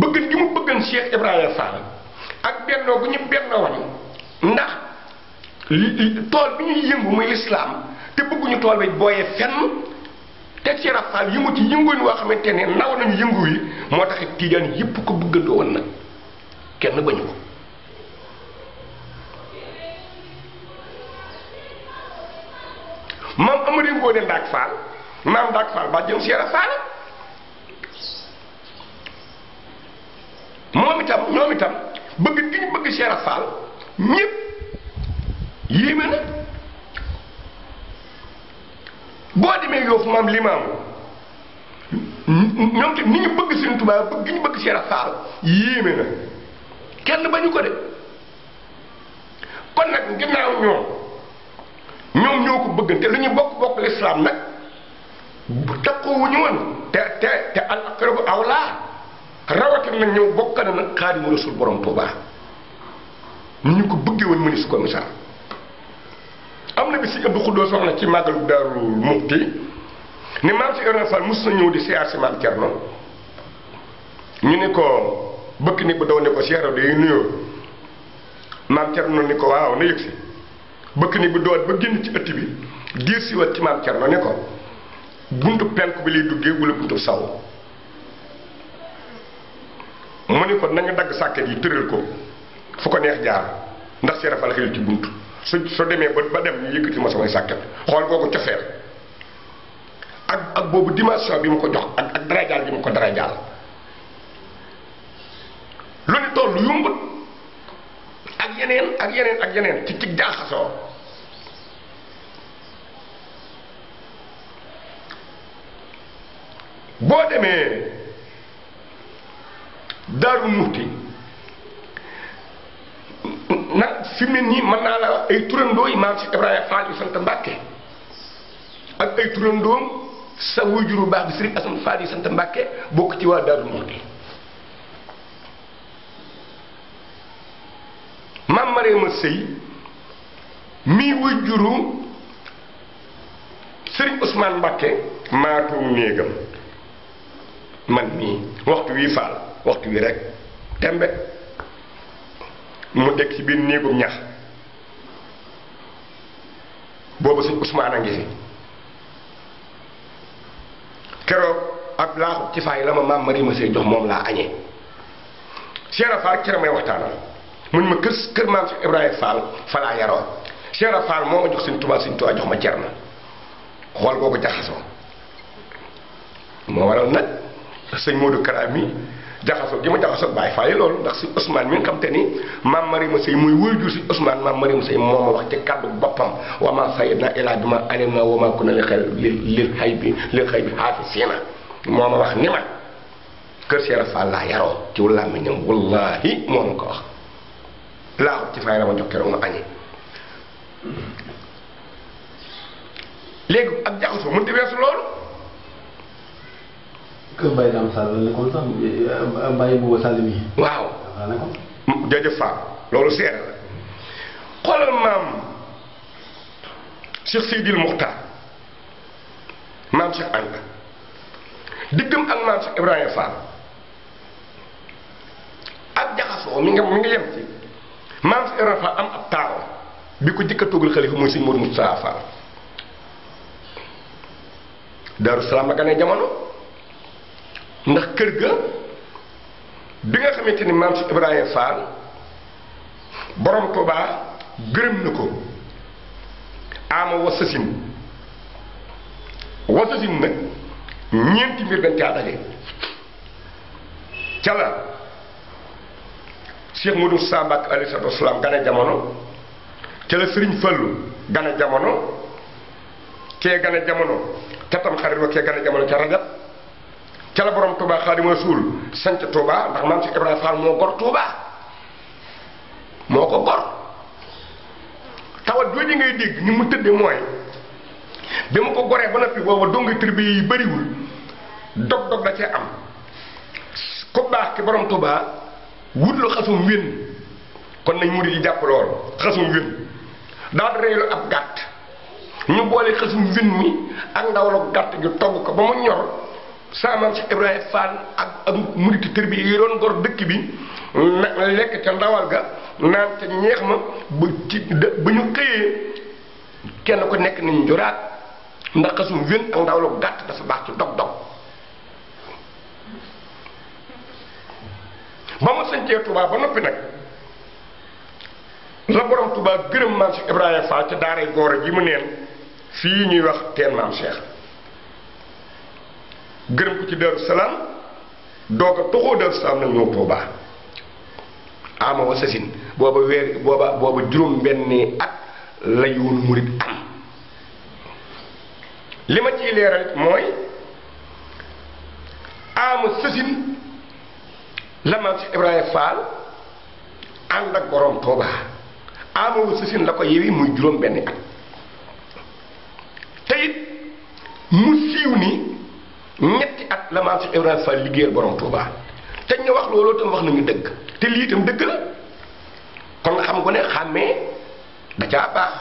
bëggan gi mu bëggan Cheikh Ibrahima Fall ak bennoo gu ñu bennoo woon ndax tol bi ñuy yëngu muy lislaam te bëgguñu tool bi booyee fenn te ci rafaal yi mu ci yëngoon waa xamante ne naw nañu yëngu yi moo tax it tiijaan yépp ko bëggandoo woon nag kenn bañu ko maam amari ngóone ndaag faal maam ndaag faal ba jëm bëgg bëgg yéeme na boo demee yoofu maam limaam ñoom te ni ñu bëgg seen Tuubaa bëgg ñu bëgg seen faal yéeme na kenn bañu ko de kon nag ginnaaw ñoom ñoom ñoo ko bëggante lu ñu bokk bokk lislaam nag takkuwuñu woon te te te al aqrabu rawatina ñëw bokk na nag Xaadimu su borom Tuubaa ni ñu ko bëggee woon mëni su ko am na bi si ëpp xuddoo wax na ci màggalu Daaru Muxti ni maam si Ibrahima Fall mos na ñëw di siyaar si maam Cerno ñu ni ko bëkk bu daw ne ko siyaara day nuyoo ko waaw na yëg si bëkk ni bu doon ba génn ci ëtt bi diir si wat ci maam Cerno ne ko buntu penk bi lay duggee wala buntu saw mu ni ko nañu dagg sàkket yi tëral ko fu ko neex jaar ndax seerafal xëyul ci bunt su so demee ba ba dem ñu yëkkati ma samay sàkket xool googu cofeel ak ak boobu dimension bi mu ko jox ak ak darajaal bi mu ko darajaal lu ne toll yumbut ak yeneen ak yeneen ak yeneen ci ci jaaxasoo boo demee daru muxti nak fi ni man na la ay eh, turandoo imaam si ibrahima fall yu sant mbàkke ak ay turandoom sa wujuru bax sir sëriñ asan fall yu sant mbàkke bokk ci waa daaru muxti sey mi wujuru usman ousmane ma maatuum néegam man mi waxtu wi fal waxtu wi rek tembe mu dëkk ci biir néegum ñax boobu sëñ Ousmane a ngi fi keroog ak laaxu ci faay la ma maam mari ma sey jox moom laa añee Cheikh Fall keroog may waxtaanal mun ma kër kër maam si Ibrahima Fall fa laa yaroo Cheikh Fall moo ma jox sëñ Tuubaa sëñ Tuubaa jox ma cer na xool googu jaxasoo moo waral nag sëñ Modou Kara mi jaxasoo gi ma jaxasoo Baay Faal yi loolu ndax si Ousmane mi nga xam te ni maam Mariama muy wuy jur si Ousmane maam Mariama Sey moo ma wax ci kàddu boppam wa maa sayyidnaa illaa bimaa alimnaa wa maa kunnaa lil xaybi lil xaybi xaybi xaafisiina moo ma wax ni ma kër Cheikh Fall laa yaroo ci làmmiñam wallaahi moo ma ko wax laa ko ci fay la ma jox keroog ma jaxasoo mënut a weesu loolu. kër Baye Dame Sall la nekkoon Wow. Baye Bouba Sall mi. waaw jërëjëf Fall loolu seer la xoolal maam Cheikh Seydil Mokhtar maam Cheikh Anta diggam ak mam Cheikh am ab taaw bi ko jëkk a toogal xalifa mooy ndax kër ga bi nga xamante ni maam si Ibrahima Fall borom toba gërëm na ko ama wasasin wasasin nag ñeenti mbir dañ caa daje ca la Cheikh Modou sambak ak alayhi salaatu wasalaam gane jamono ca la serigne Fallu gane jamono kee gane jamono ca xarit wa kee gane jamono ca rajab ca la borom Touba Xaadimu Rasuul sanc Touba ndax maam si Ibrahima Fall moo gor Touba moo ko gor tawat jooju ngay dégg ni mu tëdde mooy bi mu ko goree ba noppi booba dongi tribu yi bëriwul dog dog da cee am ko baax ki borom Touba wutlu xasum wén kon nañ mu yi jàpp lool xasum wén daal reelu ab gàtt ñu boole xasum wén mi ak ndawlu gàtt gi togg ko ba mu ñor sa maam Cheikh Ibrahima Fall ak ak murit bi yi doon gor dëkk bi na lekk ca ndawal ga naan ca ñeex ma bu ci ba ñu xëyee kenn ko nekk nañ joraat ndax xasum wén ak ndawlu gàtt dafa baax ci dog dog ba mu sañcee Touba ba noppi nag la borom Touba gërëm maam Cheikh Ibrahima Fall ca daaray goor ji mu neen fii ñuy wax teen maam Cheikh gërëm ko ci Daaru Salaam doog a toxoo Daaru Salaam nag ñëw Tuubaa booba weer booba booba juróom benni at la yoon murit am li ma ciy leeral mooy ama sasin la maam si Ibrahima Fall ànd ak borom Tuubaa ama wa la ko yewi muy juróom benni at te mu siiw ni ñetti at la maam Cheikh Ibrahima Fall liggéeyal borom Touba te ñu wax loolu itam wax nañu dëgg te lii itam dëgg la kon nga xam nga ne xàmmee da caa baax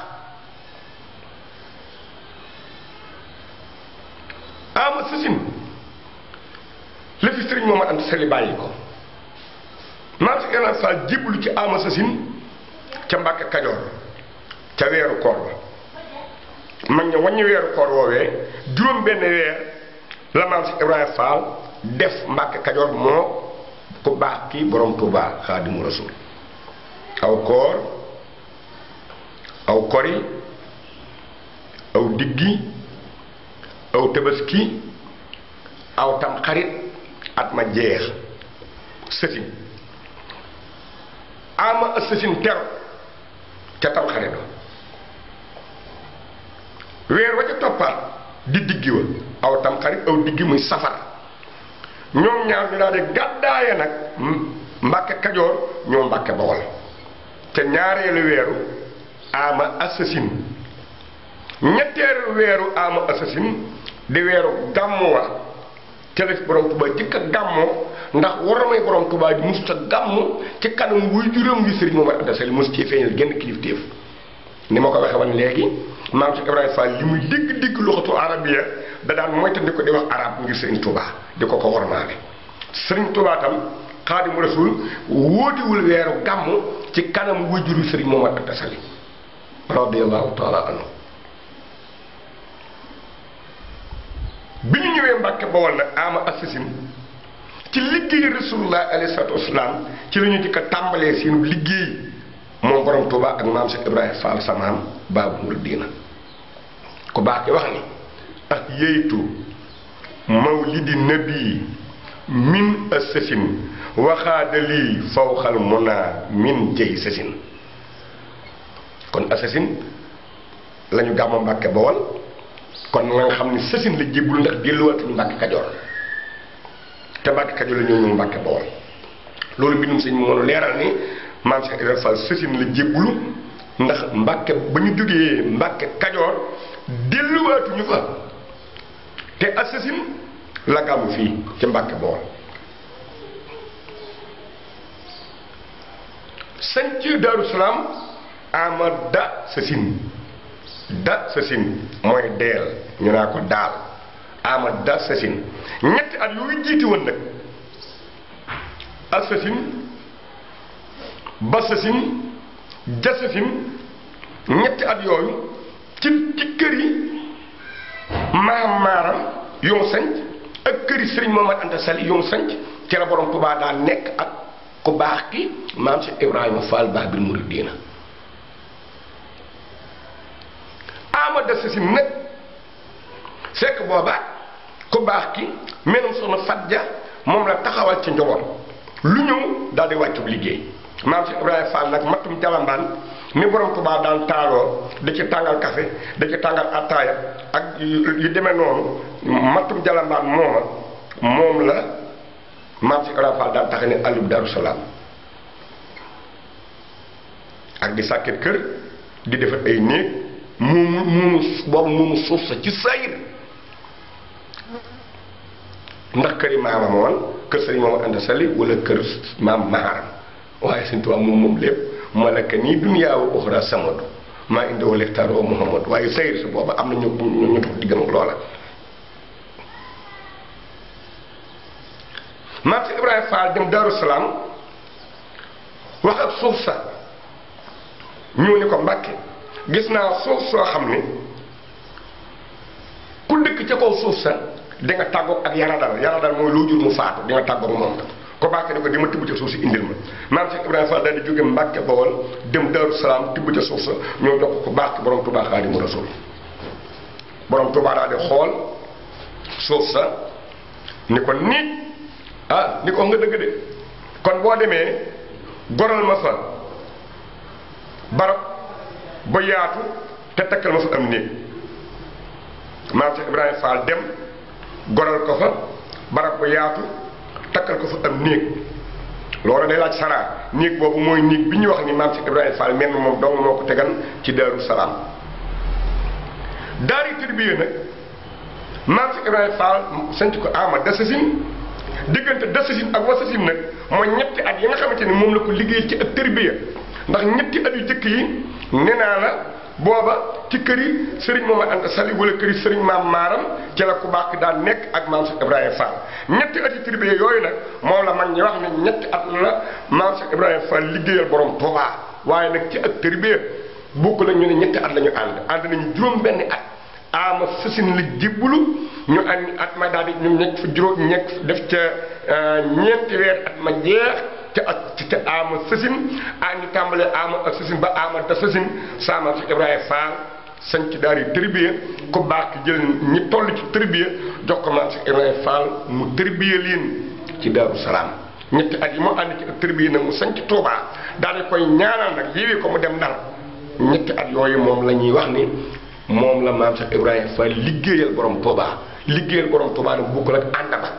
ama sasin la fi sëriñ Momar Anta Sali bàyyi ko maam Cheikh Ibrahima Fall jébbalu ci ama sasin ca Mbàkke Kajoor ca weeru koor ba mag ña waññi weeru koor woowee juróom benn weer la maam si Ibrahima Fall def Mbàkke Kajoor moo ku baax kii borom Touba Xaadimu Rasuul aw koor aw kori aw diggi aw tabaski aw tam at ma jeex sësin ama sësin ter ca tam xarit ba weer wa ca toppaat di diggi wa aw tamxarit aw digg muy safar ñoom ñaar ñu daal nag mbàkke kajoor ñoo mbàkke bawol te ñaareelu weeru ama assasine ñetteelu weeru ama assasine di weeru gàmmuwa te la borom Tuubaa jëkk a ndax war may borom Tuubaa ji musta gàmmu ci kanam wuy juróom wi sëriñ Momar Anta Sali mos cee feeñal genn kilifteef ni ma ko waxee woon léegi maam si Ibrahima Fall li muy dégg-dégg luxatu arabiya da daan moytandi di wax arab ngir Serigne Touba di ko ko wormaale Serigne Touba tam Xaadimu Rasuul wóotiwul weeru gàmm ci kanam wajuru Serigne Momar Anta Sali radiyallahu taala bi ñu ñëwee ba Bawol nag ama assisin ci liggéey Rasulullah alayhi salaatu wasalaam ci la ñu tàmbalee seen liggéey mo borom tuuba ak kan mam Cheikh ibrahim Fall samam babu murdina ko ba ci wax ni ak yeytu mawlidi nabi min wa khadali fawkhal muna min jëy sasin kon assassin lañu ñu gàmma bawol kon nga xamni ni la jébbul ndax delu watu mbàkke kadior te mbàkke kadior la ñu mbàkke bawol lolu bindum sëñ mo moo leeral ni maam Cheikh Ibrahima Fall la jébbalu ndax mbàkke ba ñu jógee mbàkke kajoor delluwaatuñu fa te assasin la gàmmu fii ci mbàkke bool sañc Daaru Salaam ama da sasin da sasin mooy deel ñu naa ko daal ama da sasin ñetti at yooyu jiiti woon nag assasin basasin jasafim ñetti at yooyu ci kër yi maam maaram yoom sanc ak këri sëriñ Mamad Anta Sali yoom sanc ci la borom Tuubaa daa nekk ak ku baax ki maam si Ibrahima Fall Baabil Muridiina ama dasasin nag fekk booba ku baax ki menum soxna Fadja moom la taxawal ci njaboot lu ñëw daal di wàccu liggéey maam Cheikh Ibrahima Fall nag matum jalamban mi borom tuba daan taaloo da ci tàngal café da ci tàngal attaaya ak yu deme noonu matum jalamban mooma moom la maam Cheikh Ibrahima Fall daan taxe ne alub Daaru ak di sàkket kër di defar ay néeg muumu muumu boobu muumu suuf sa ci sayir ndax këri kër sëriñ moom ànd sali wala kër maam maharam waaye sëñ Tuubaa moom moom lépp malaka nii duniyaa wa uxra samadu maa indi wala tar o Muhammad waaye sayr su booba am na ñu ñu dox diggam ak loola maam si Ibrahima Fall dem daru Salaam wax ak suuf sa ñu ni ko Mbàkke gis naa suuf soo xam ne ku dëkk ca kaw suuf sa di nga tàggoog ak yaradal yaradal mooy loo jur mu faatu di nga tàggoog moom la commencé ne ko di ma tibb ca suuf si indil ma maam Cheikh Ibrahima Fall daal di jóge Mbàkke Bawol dem Daaru Salaam tibb ca suuf sa ñoo jox ko baax ci borom Tuubaa Xaadimu Rasuul borom Tuubaa daal di xool suuf sa ni ko nit ah ni ko nga dëgg de kon boo demee goral ma fa barab ba yaatu te takkal ma fa am néeg maam Cheikh Ibrahima Fall dem goral ko fa barab ba yaatu takkal ko fa am néeg loolu day laaj saraa néeg boobu mooy néeg bi ñuy wax ni maam si Ibrahima Fall menn moom dong moo ko tegan ci Daaru Salaam daari tërbiya nag maam si Ibrahima Fall sanc ko ama dasasin diggante dasasin ak wasasin nag mooy ñetti at yi nga xamante ni moom la ko liggéey ci ak tërbiya ndax ñetti at yu jëkk yi nee la booba ci kër yi sëriñ Momar Anta Sali wala kër sëriñ maam maaram ci la ku baax daan nekk ak maam Cheikh Ibrahima Fall ñetti ati tribe yooyu nag moom la mag ñi wax ne ñetti at Ibrahima Fall liggéeyal borom Touba waaye nag ci ak tribe bokk la ñu ne ñetti at la ñu ànd ànd nañu juróom benn at ama sësin la jébbalu ñu at at ma daal di ñu nekk fa juróom nekk def ca euh, ñeenti weer at ma jeex te ak te ama sasim a ñu tàmbale ama ak sasim ba ama da sasim sama ci Ibrahima Fall sañ ci daal di tërbiya ku baax ki jël ñi toll ci tërbiya jox ko maam si Ibrahima Fall mu tërbiya leen ci Daaru Salaam yi nag mu sañ ci Touba daal di koy ñaanal nag yéwee ko mu dem dara ñetti at yooyu moom la ñuy wax ni moom la maam Cheikh Ibrahima Fall liggéeyal borom Touba liggéeyal borom Touba nag bokkul ak ànd ba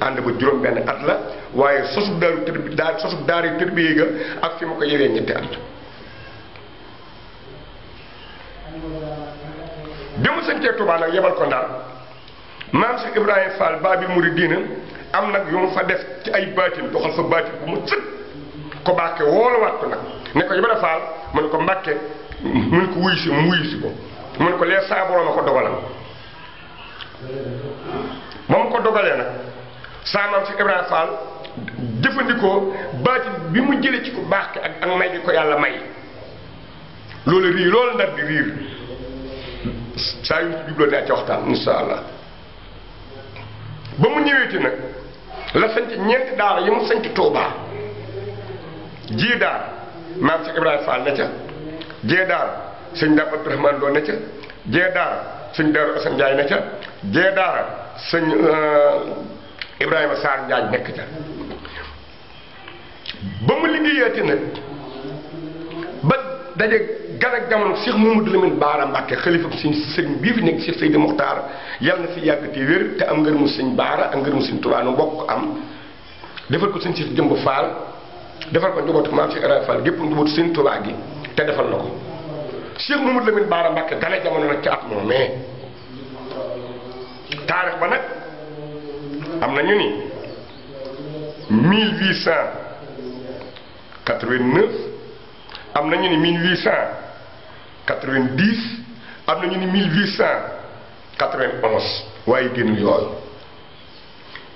ànd ba juróom benn at la waaye sosub daaru tërbi daa sosub daari tërbiye ga ak fi ma ko yewee ñetti at bi mu sëntee Tuubaa nag yebal ko Ndar maam si Ibrahima Fall Baabil Muridiina am nag yu mu fa def ci ay baatin doxal fa baatin bu mu sëg ko bàkke wooluwaat ko nag ne ko Ibrahima Fall mu ne ko Mbàkke mu ne ko wuyu si mu wuyu si ko mu ne ko lee saa borom ko dogalam ba mu ko dogalee nag saa maam si Ibrahima Fall jëfandikoo baatin bi mu jëlee ci ku baax ki ak ak may gi ko yàlla may loolu riir loolu ndar di riir saa yu jubloo naa ci waxtaan insha allah ba mu ñëweeti nag la sanc ñeenti daara yi mu sanc Tuubaa jii daar maam si Ibrahima Fall ne ca jee daar sëñ Daam Abdourahmane Lo ne ca jee daar sëñ Daaru Asan Njaay euh, Ibrahima Sarr Njaay nekk ca ba mu liggéeyaati nag ba daje gan ak jamono Cheikh Mamadou Lamine Baara Mbàkke xalifam sëñ sëñ bii fi nekk Cheikh Seydi Mokhtar yàlla na fi yàgg te wér te am ngërëmu sëñ Baara ak ngërëmu sëñ Tuubaa nu mbokk am defal ko sëñ Cheikh Jëmb Fall defal ko njabootu maam Cheikh Ibra Fall gépp njabootu sëñ Tuubaa gi te defal na ko Cheikh Mamadou Lamine Baara Mbàkke dale jamono nag ci at moomee taarix ba nag am na ñu ni 89 am nañu ni 1890 am nañu ni 1891 waaye génn yooyu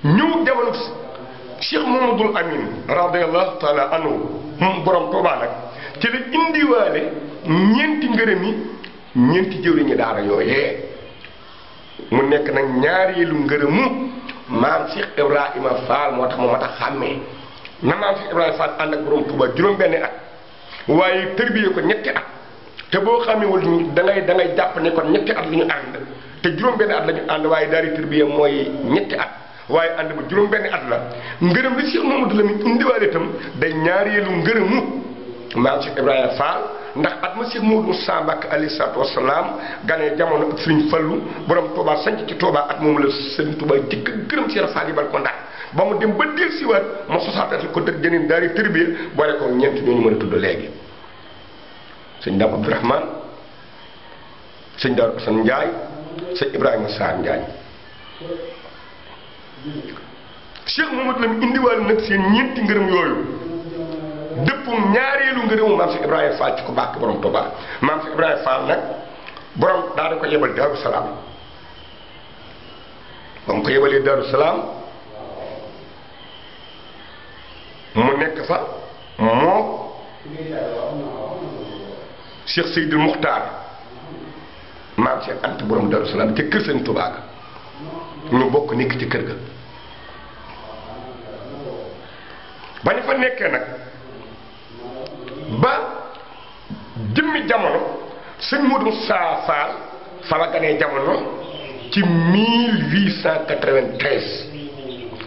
ñu demal Cheikh Mamadul Amin radiallahu taala anhu moom borom Tuubaa nag ci la indiwaale ñeenti ngërëm yi ñeenti jëwriñu daara yooyee mu nekk nag ñaareelu ngërëmu maam Cheikh Ibrahima Fall moo tax mu mat a na maam si Ibrahima Fall ànd ak borom Touba juróom-benni at waaye tërbiyee ko ñetti at te boo xam ni da ngay da jàpp ne kon ñetti at lu ñu ànd te juróom-benni at la ànd waaye daari tërbiyee mooy ñetti at waaye ànd juróom-benni at la ngërëm li Cheikh Mamadou Lamine indiwaale itam day ñaareelu ngërëmu maam si Ibrahima Fall. ndax at ma Cheikh Modou Moussa Mbacké alayhi salaatu wasalaam ganee jamono ak Serigne Fallou borom Touba sanc ci Touba at moom la Serigne Touba jëkk gërëm Cheikh Fall yi bal ko ndax ba mu dem ba del siwaat ma sosaatal ko dëgg jënin daari tërbiya boole ko ñeent ñooñu mën a tudd léegi sëñ Dame Abdourahman sëñ Daaru Asan Njaay sëñ Ibrahima Saar Njaay Cheikh Mamadou Lam indiwaal nag seen ñeenti ngërëm yooyu dëppum ñaareelu ngërëmu maam si Ibrahima Fall ci ko bàkk borom Tuubaa maam si Ibrahima Fall nag borom daa da ko yebal Daaru Salaam ba mu ko yebalee Daaru Salaam mu nekk fa moom Cheikh Seydil Muxtaar maam Cheikh Anta borom Darou Salaam ca kër Sëñ Tuubaa ñu bokk nekk ci kër ga ba ñu fa nekkee nag ba jëmmi jamono sëñ Modou Saa Fall fa la ganee jamono ci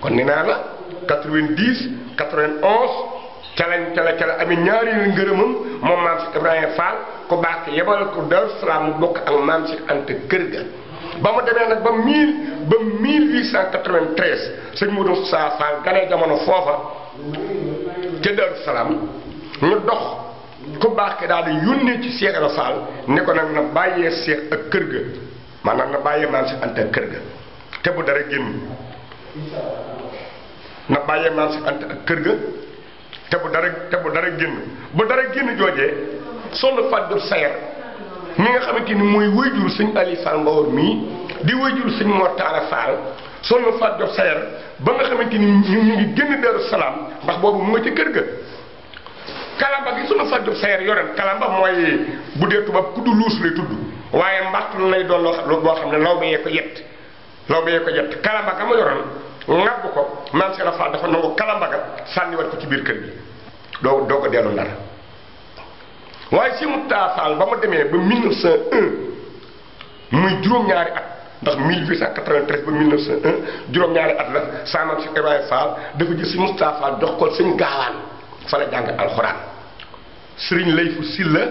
kon nee la 90 91 calañ cala cala amee ñaari yu ngërëmam moom maam si Ibrahima Fall ku baax ki yebal ko Daaru mu bokk ak maam si Anta kër ga ba mu demee nag ba mille ba 1893 sëñ Modou Moussa Fall ganee jamono foofa ca Daaru Salaam ñu dox ku baax ki daal di yónnee ci Cheikh Ibra Fall ne ko nag na bàyyee Cheikh ak kër ga maanaam na bàyyee maam si Anta kër ga te bu dara génn na bàyyee maam si ant ak kër ga te bu dara te bu dara génn bu dara génn joojee soxna Fatou Sayar mi nga xamante ni mooy wayjur sëñ Ali Fall Mbawar mii di wayjur sëñ Mor Talla Fall soxna Fatou Diop Sayar ba nga xamante ni ñu ñu ngi génn Daaru ndax boobu mu nga ca kër ga kalamba gi soxna Fatou Diop Sayar yoren kalamba mooy bu dee tubaab ku du luus tudd waaye mbaxtu lay doon loo xam boo xam ne law ba ko yett law ko yett kalamba ka yoroon ŋàbb ko maam Cheikh Fall dafa nangu kalambagal sànniwaat ko ci biir kër gi doo doo ko dellu ndar waaye si Moustapha ba mu demee ba 1901 muy juróom-ñaari at ndax 1893 ba 1901 juróom-ñaari at la saa maam Cheikh Ibrahima dafa jël si Moustapha jox ko sëñ gaawaan fa la jàng alxuraan sëriñ Layfu Silla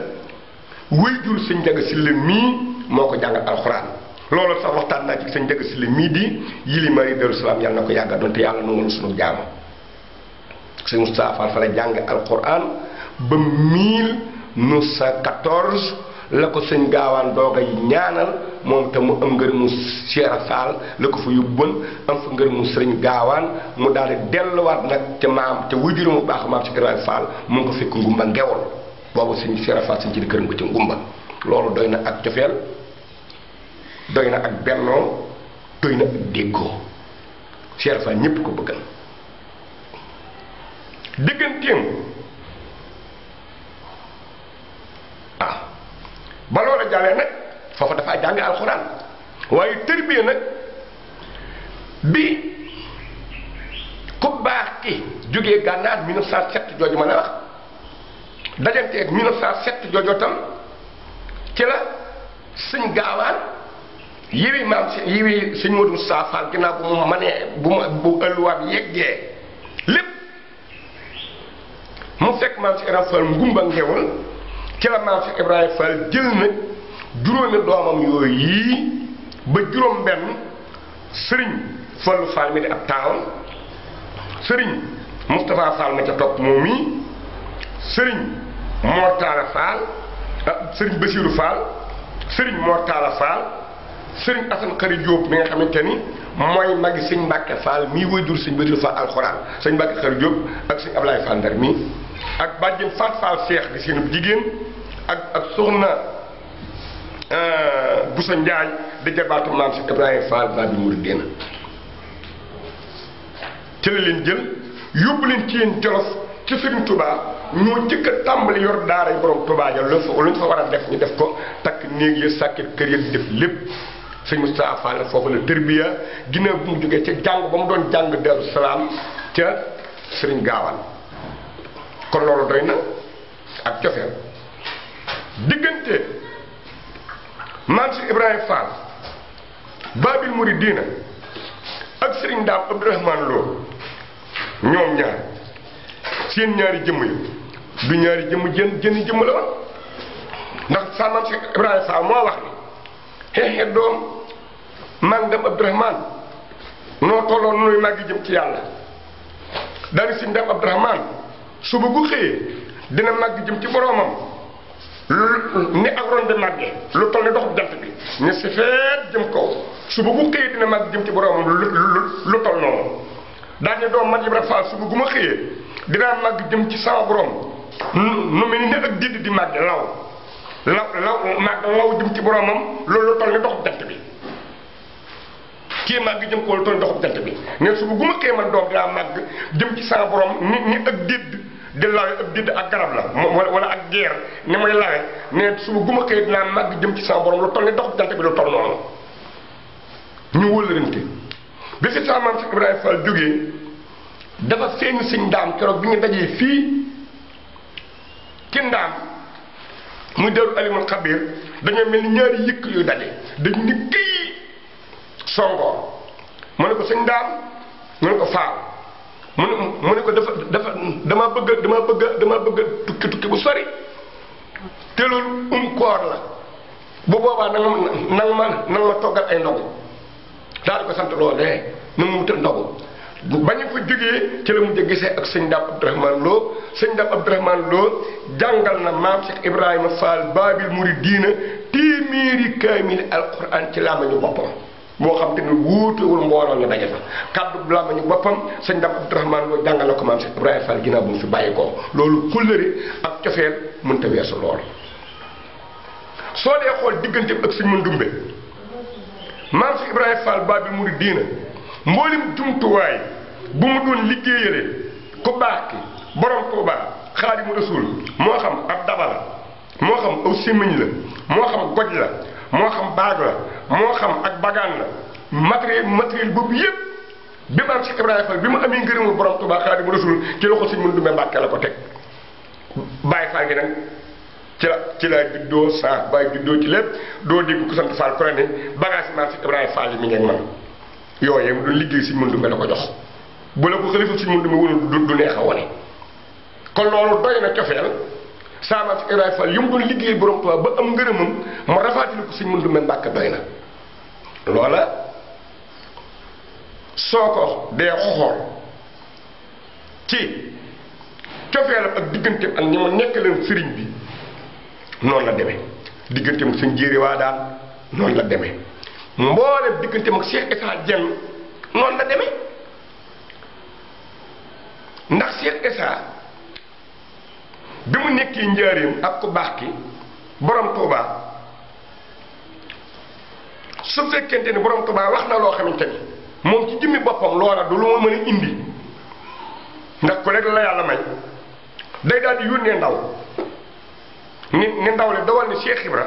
wéy jur sëñ Jaga Silla mii moo ko jàngal alxuraan. lolo sax waxtan na ci señ deug si la mii yili mari daru salam yalla nako ko yàgga doon te yàlla nangul sunu jaamu sëñ Moustapha fa la jang alquran ba 1914 la ko sëñ gaawaan dooga yi ñaanal mom te mu am ngeer mu Cheikh Fall la ko fa yóbboon am fa mu señ gawan mu dal delu wat nak ci maam te wujuru mu bax maam ci Ibrahima Fall mu ko fekk ngumba ngewol bobu señ Cheikh Fall señ ci di këram ko ci ngumba lolu doyna ak jofeel doy na ak bennoo doy na ak déggoo Cheikh Fall ñépp ko bëggal digganteem waaw ah, ba loola jàllee nag foofa dafa jàng alxuraan waaye tërbiya nag bi ku baax ki jógee gànnaar 1907 jooju ma ne wax dajanteeg 1907 joojoo tam ci la sëñ gaawaan yiwi maam yiwi sëñ Modou Saafal ginnaaw bu mu manee bu ma bu ëlluwaam yeggee lépp mu fekk maam si Ibrahima Fall ngumba ngewal ci la maam si Ibrahima Fall jël na juróomi doomam yooyu yii ba juróom benn sëriñ Fallu Fall mi di ab taawam sëriñ Moustapha Fall ma ca topp moom mii sëriñ Mortala Fall ah sëriñ Basiiru Fall sëriñ Mortala Fall sëriñ Assane Khary Diop mi nga xamante ni mooy magi sëñ Mbacke Fall mii woy dur sëñ Basiru Fall alxuraan sañ Mbacke Khary Diop ak sëñ Ablaye Fall Ndar mii ak bàjjen Fall Fall Cheikh di seenub jigéen ak ak soxna euh, Boussa Ndiaye di jabaatum maam si Ibrahima Fall Babi Mourideen ci la leen jël yóbbu leen ci yéen Jolof ci sëriñ Touba ñoo jëkk tàmbali yor daara yi borom Touba ja fa war a def ñu def ko takk néeg ya sàkkir kër ya di def lépp sëñ Moustapha Fall fofu la terbiya gina bu mu jógee ca jàng ba mu doon jàng Daaru Salaam ca sëriñ Gaawaan kon lolu doyna ak tiofel digeunte Mansour si Fall Babil Mouridina ak sëriñ Ndaam Abdourahmane Lo ñom ñaar seen ñaari jëm yi du ñaari jëm jën jënn jëm la won ndax sa maam si Ibrahima Fall moo wax ni xeexe dom màngam Abdourahman noo tolloon nuy màggi jëm ci yàlla dara si ndam Abdourahman suba gu xëyee dina màgg jëm ci boroomam lu ni ak ron bi màggee lu toll ni doxub jant bi jëm kaw suba gu xëyee dina màgg jëm ci boroomam lu lu toll noonu daañu doom man Ibra Faal suba gu ma xëyee dinaa màgg jëm ci sama borom nu mel ni ak didd di màgge law law law màgg law jëm ci boroomam loolu lu toll ni doxub jant bi kii màgg jëm koo toon doxub jant bi ne suba gu ma xëy man doom dinaa màgg jëm ci sama ni ni ak dédd di lawe ak dédd ak garab la wala ak geer ni muy lawe ne suba gu ma dinaa màgg jëm ci sama borom lu toll ne doxub jant bi lu toll noonu ñu wëlërante bi fi sama maam si Ibrahima Fall jógee dafa feeñu sëñ daam keroog bi ñu dajee fii ci ndaam muy deru alimul xabir dañoo mel ñaari yëkk yooyu daje dañu ni kii songoo mu ne ko sëñ daam mu ne ko faaw mu ne mu ne ko dafa dafa dama bëgg dama bëgg dama bëgg tukki tukki bu sori te loolu um koor la bu boobaa na ma na ma na toggal ay ndogu daal ko sant loolee na mu wutal ndogu bañu ko jógee ci la mu gisee ak sëñ Dame Abdourahmane Lo sëñ Dame Abdourahmane Lo jàngal na maam Cheikh Ibrahima Fall Babil Mouridina téeméeri kaamil alquran ci làmmiñu boppam moo xam te ne wuutewul mbooloo la daje fa kàddu bu laa ma ñu boppam sëñ Dame Abdourahmane loo jàngal na ko maam si Ibrahima Fall ginnaaw bu mu fi bàyyi ko loolu kóllëre ak cofeel mënta weesu lool soo dee xool diggante ak sëñ Mandumbe maam si Ibrahima Fall baa bi muri diina mboolem jumtuwaay bu mu doon liggéeyale ku baax ki borom Tuubaa Xaadimu Rasuul moo xam ab daba la moo xam aw sémmiñ la moo xam goj la moo xam baag la moo xam ak bagaan la matériel matériel boobu yépp bi maam Cheikh Ibrahima Fall bi mu amee ngërëmul borom Tuubaa Xaadimu Rasuul ci loxo Sëñ Muntaxa Mbàkke la ko teg Baay Faal gi ci la ci la juddoo saa baay juddoo ci lépp doo dégg ku sant Fall ku ne bagage maam Cheikh Ibrahima Fall mi ngeen man yooyu mu doon liggéey Sëñ Muntaxa la ko jox bu la ko xalifa Sëñ Muntaxa wul du neex a wane kon loolu doy na cofeel saamaam si Ibrahima Fall yu mu doon liggéey borom Tuubaa ba am ngërëmam mu rafaatili ko suñu mun du mel mbàkk doy na loola soo ko dee xool ci cofeelam ak digganteem ak ñi mu nekk sëriñ bi noonu la deme digganteem ak sëñ jéeri waa daal la demee mboolem digganteem ak Cheikh Issa Dieng ndax Cheikh Issa bi mu nekkee njaareem ak ku baax ki borom Touba su fekkente ni borom Touba wax na loo xamante ni moom ci jëmmi boppam loola du lu ma mën a indi ndax ku nekk la yàlla may day daal di yónnee ndaw ni ni ndaw li dawal ni Cheikh Ibra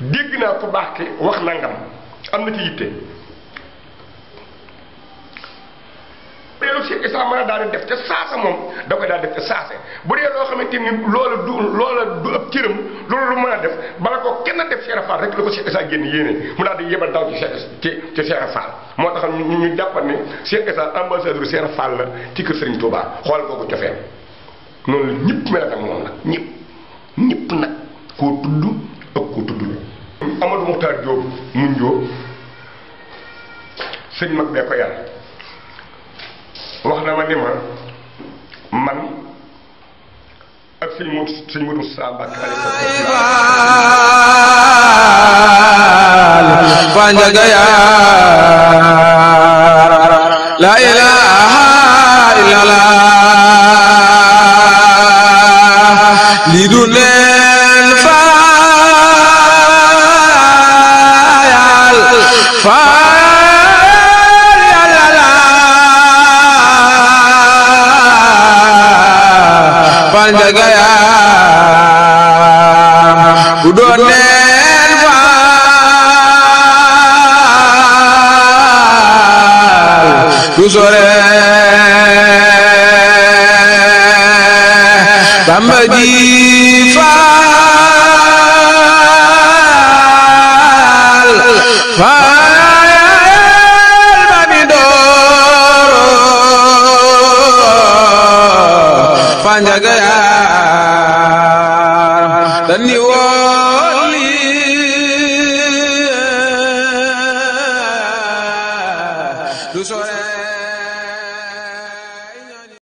dégg naa ku baax ki wax nangam am na ci yitte. islam mën a daal di def ca saasa moom da koy daal def ca saase bu dee loo xamante ni loola du loola du ëpp cëram loolu lu mën a def bala ko kenn def Cheikh Fall rek la ko Cheikh Issa génn yéene mu daal di yebal daw ci ci ci Cheikh Fall moo tax ñu ñu jàppat ne Cheikh Issa ambassadeur Cheikh Fall la ci kër Serigne Touba xool kooku cofee noonu la ñëpp mel moom la ñëpp ñëpp nag koo tudd ak koo tuddul Amadou Mokhtar Diop mun Diop sëñ mag bee ko yar wax na ma ni ma man ak sëñ mut sëñ mutu saa Mbàkke banjaga ya la ilaha illallah li du ne nga gayaam bu doon neen faal du sore Bamba ji faal faal Panjagaya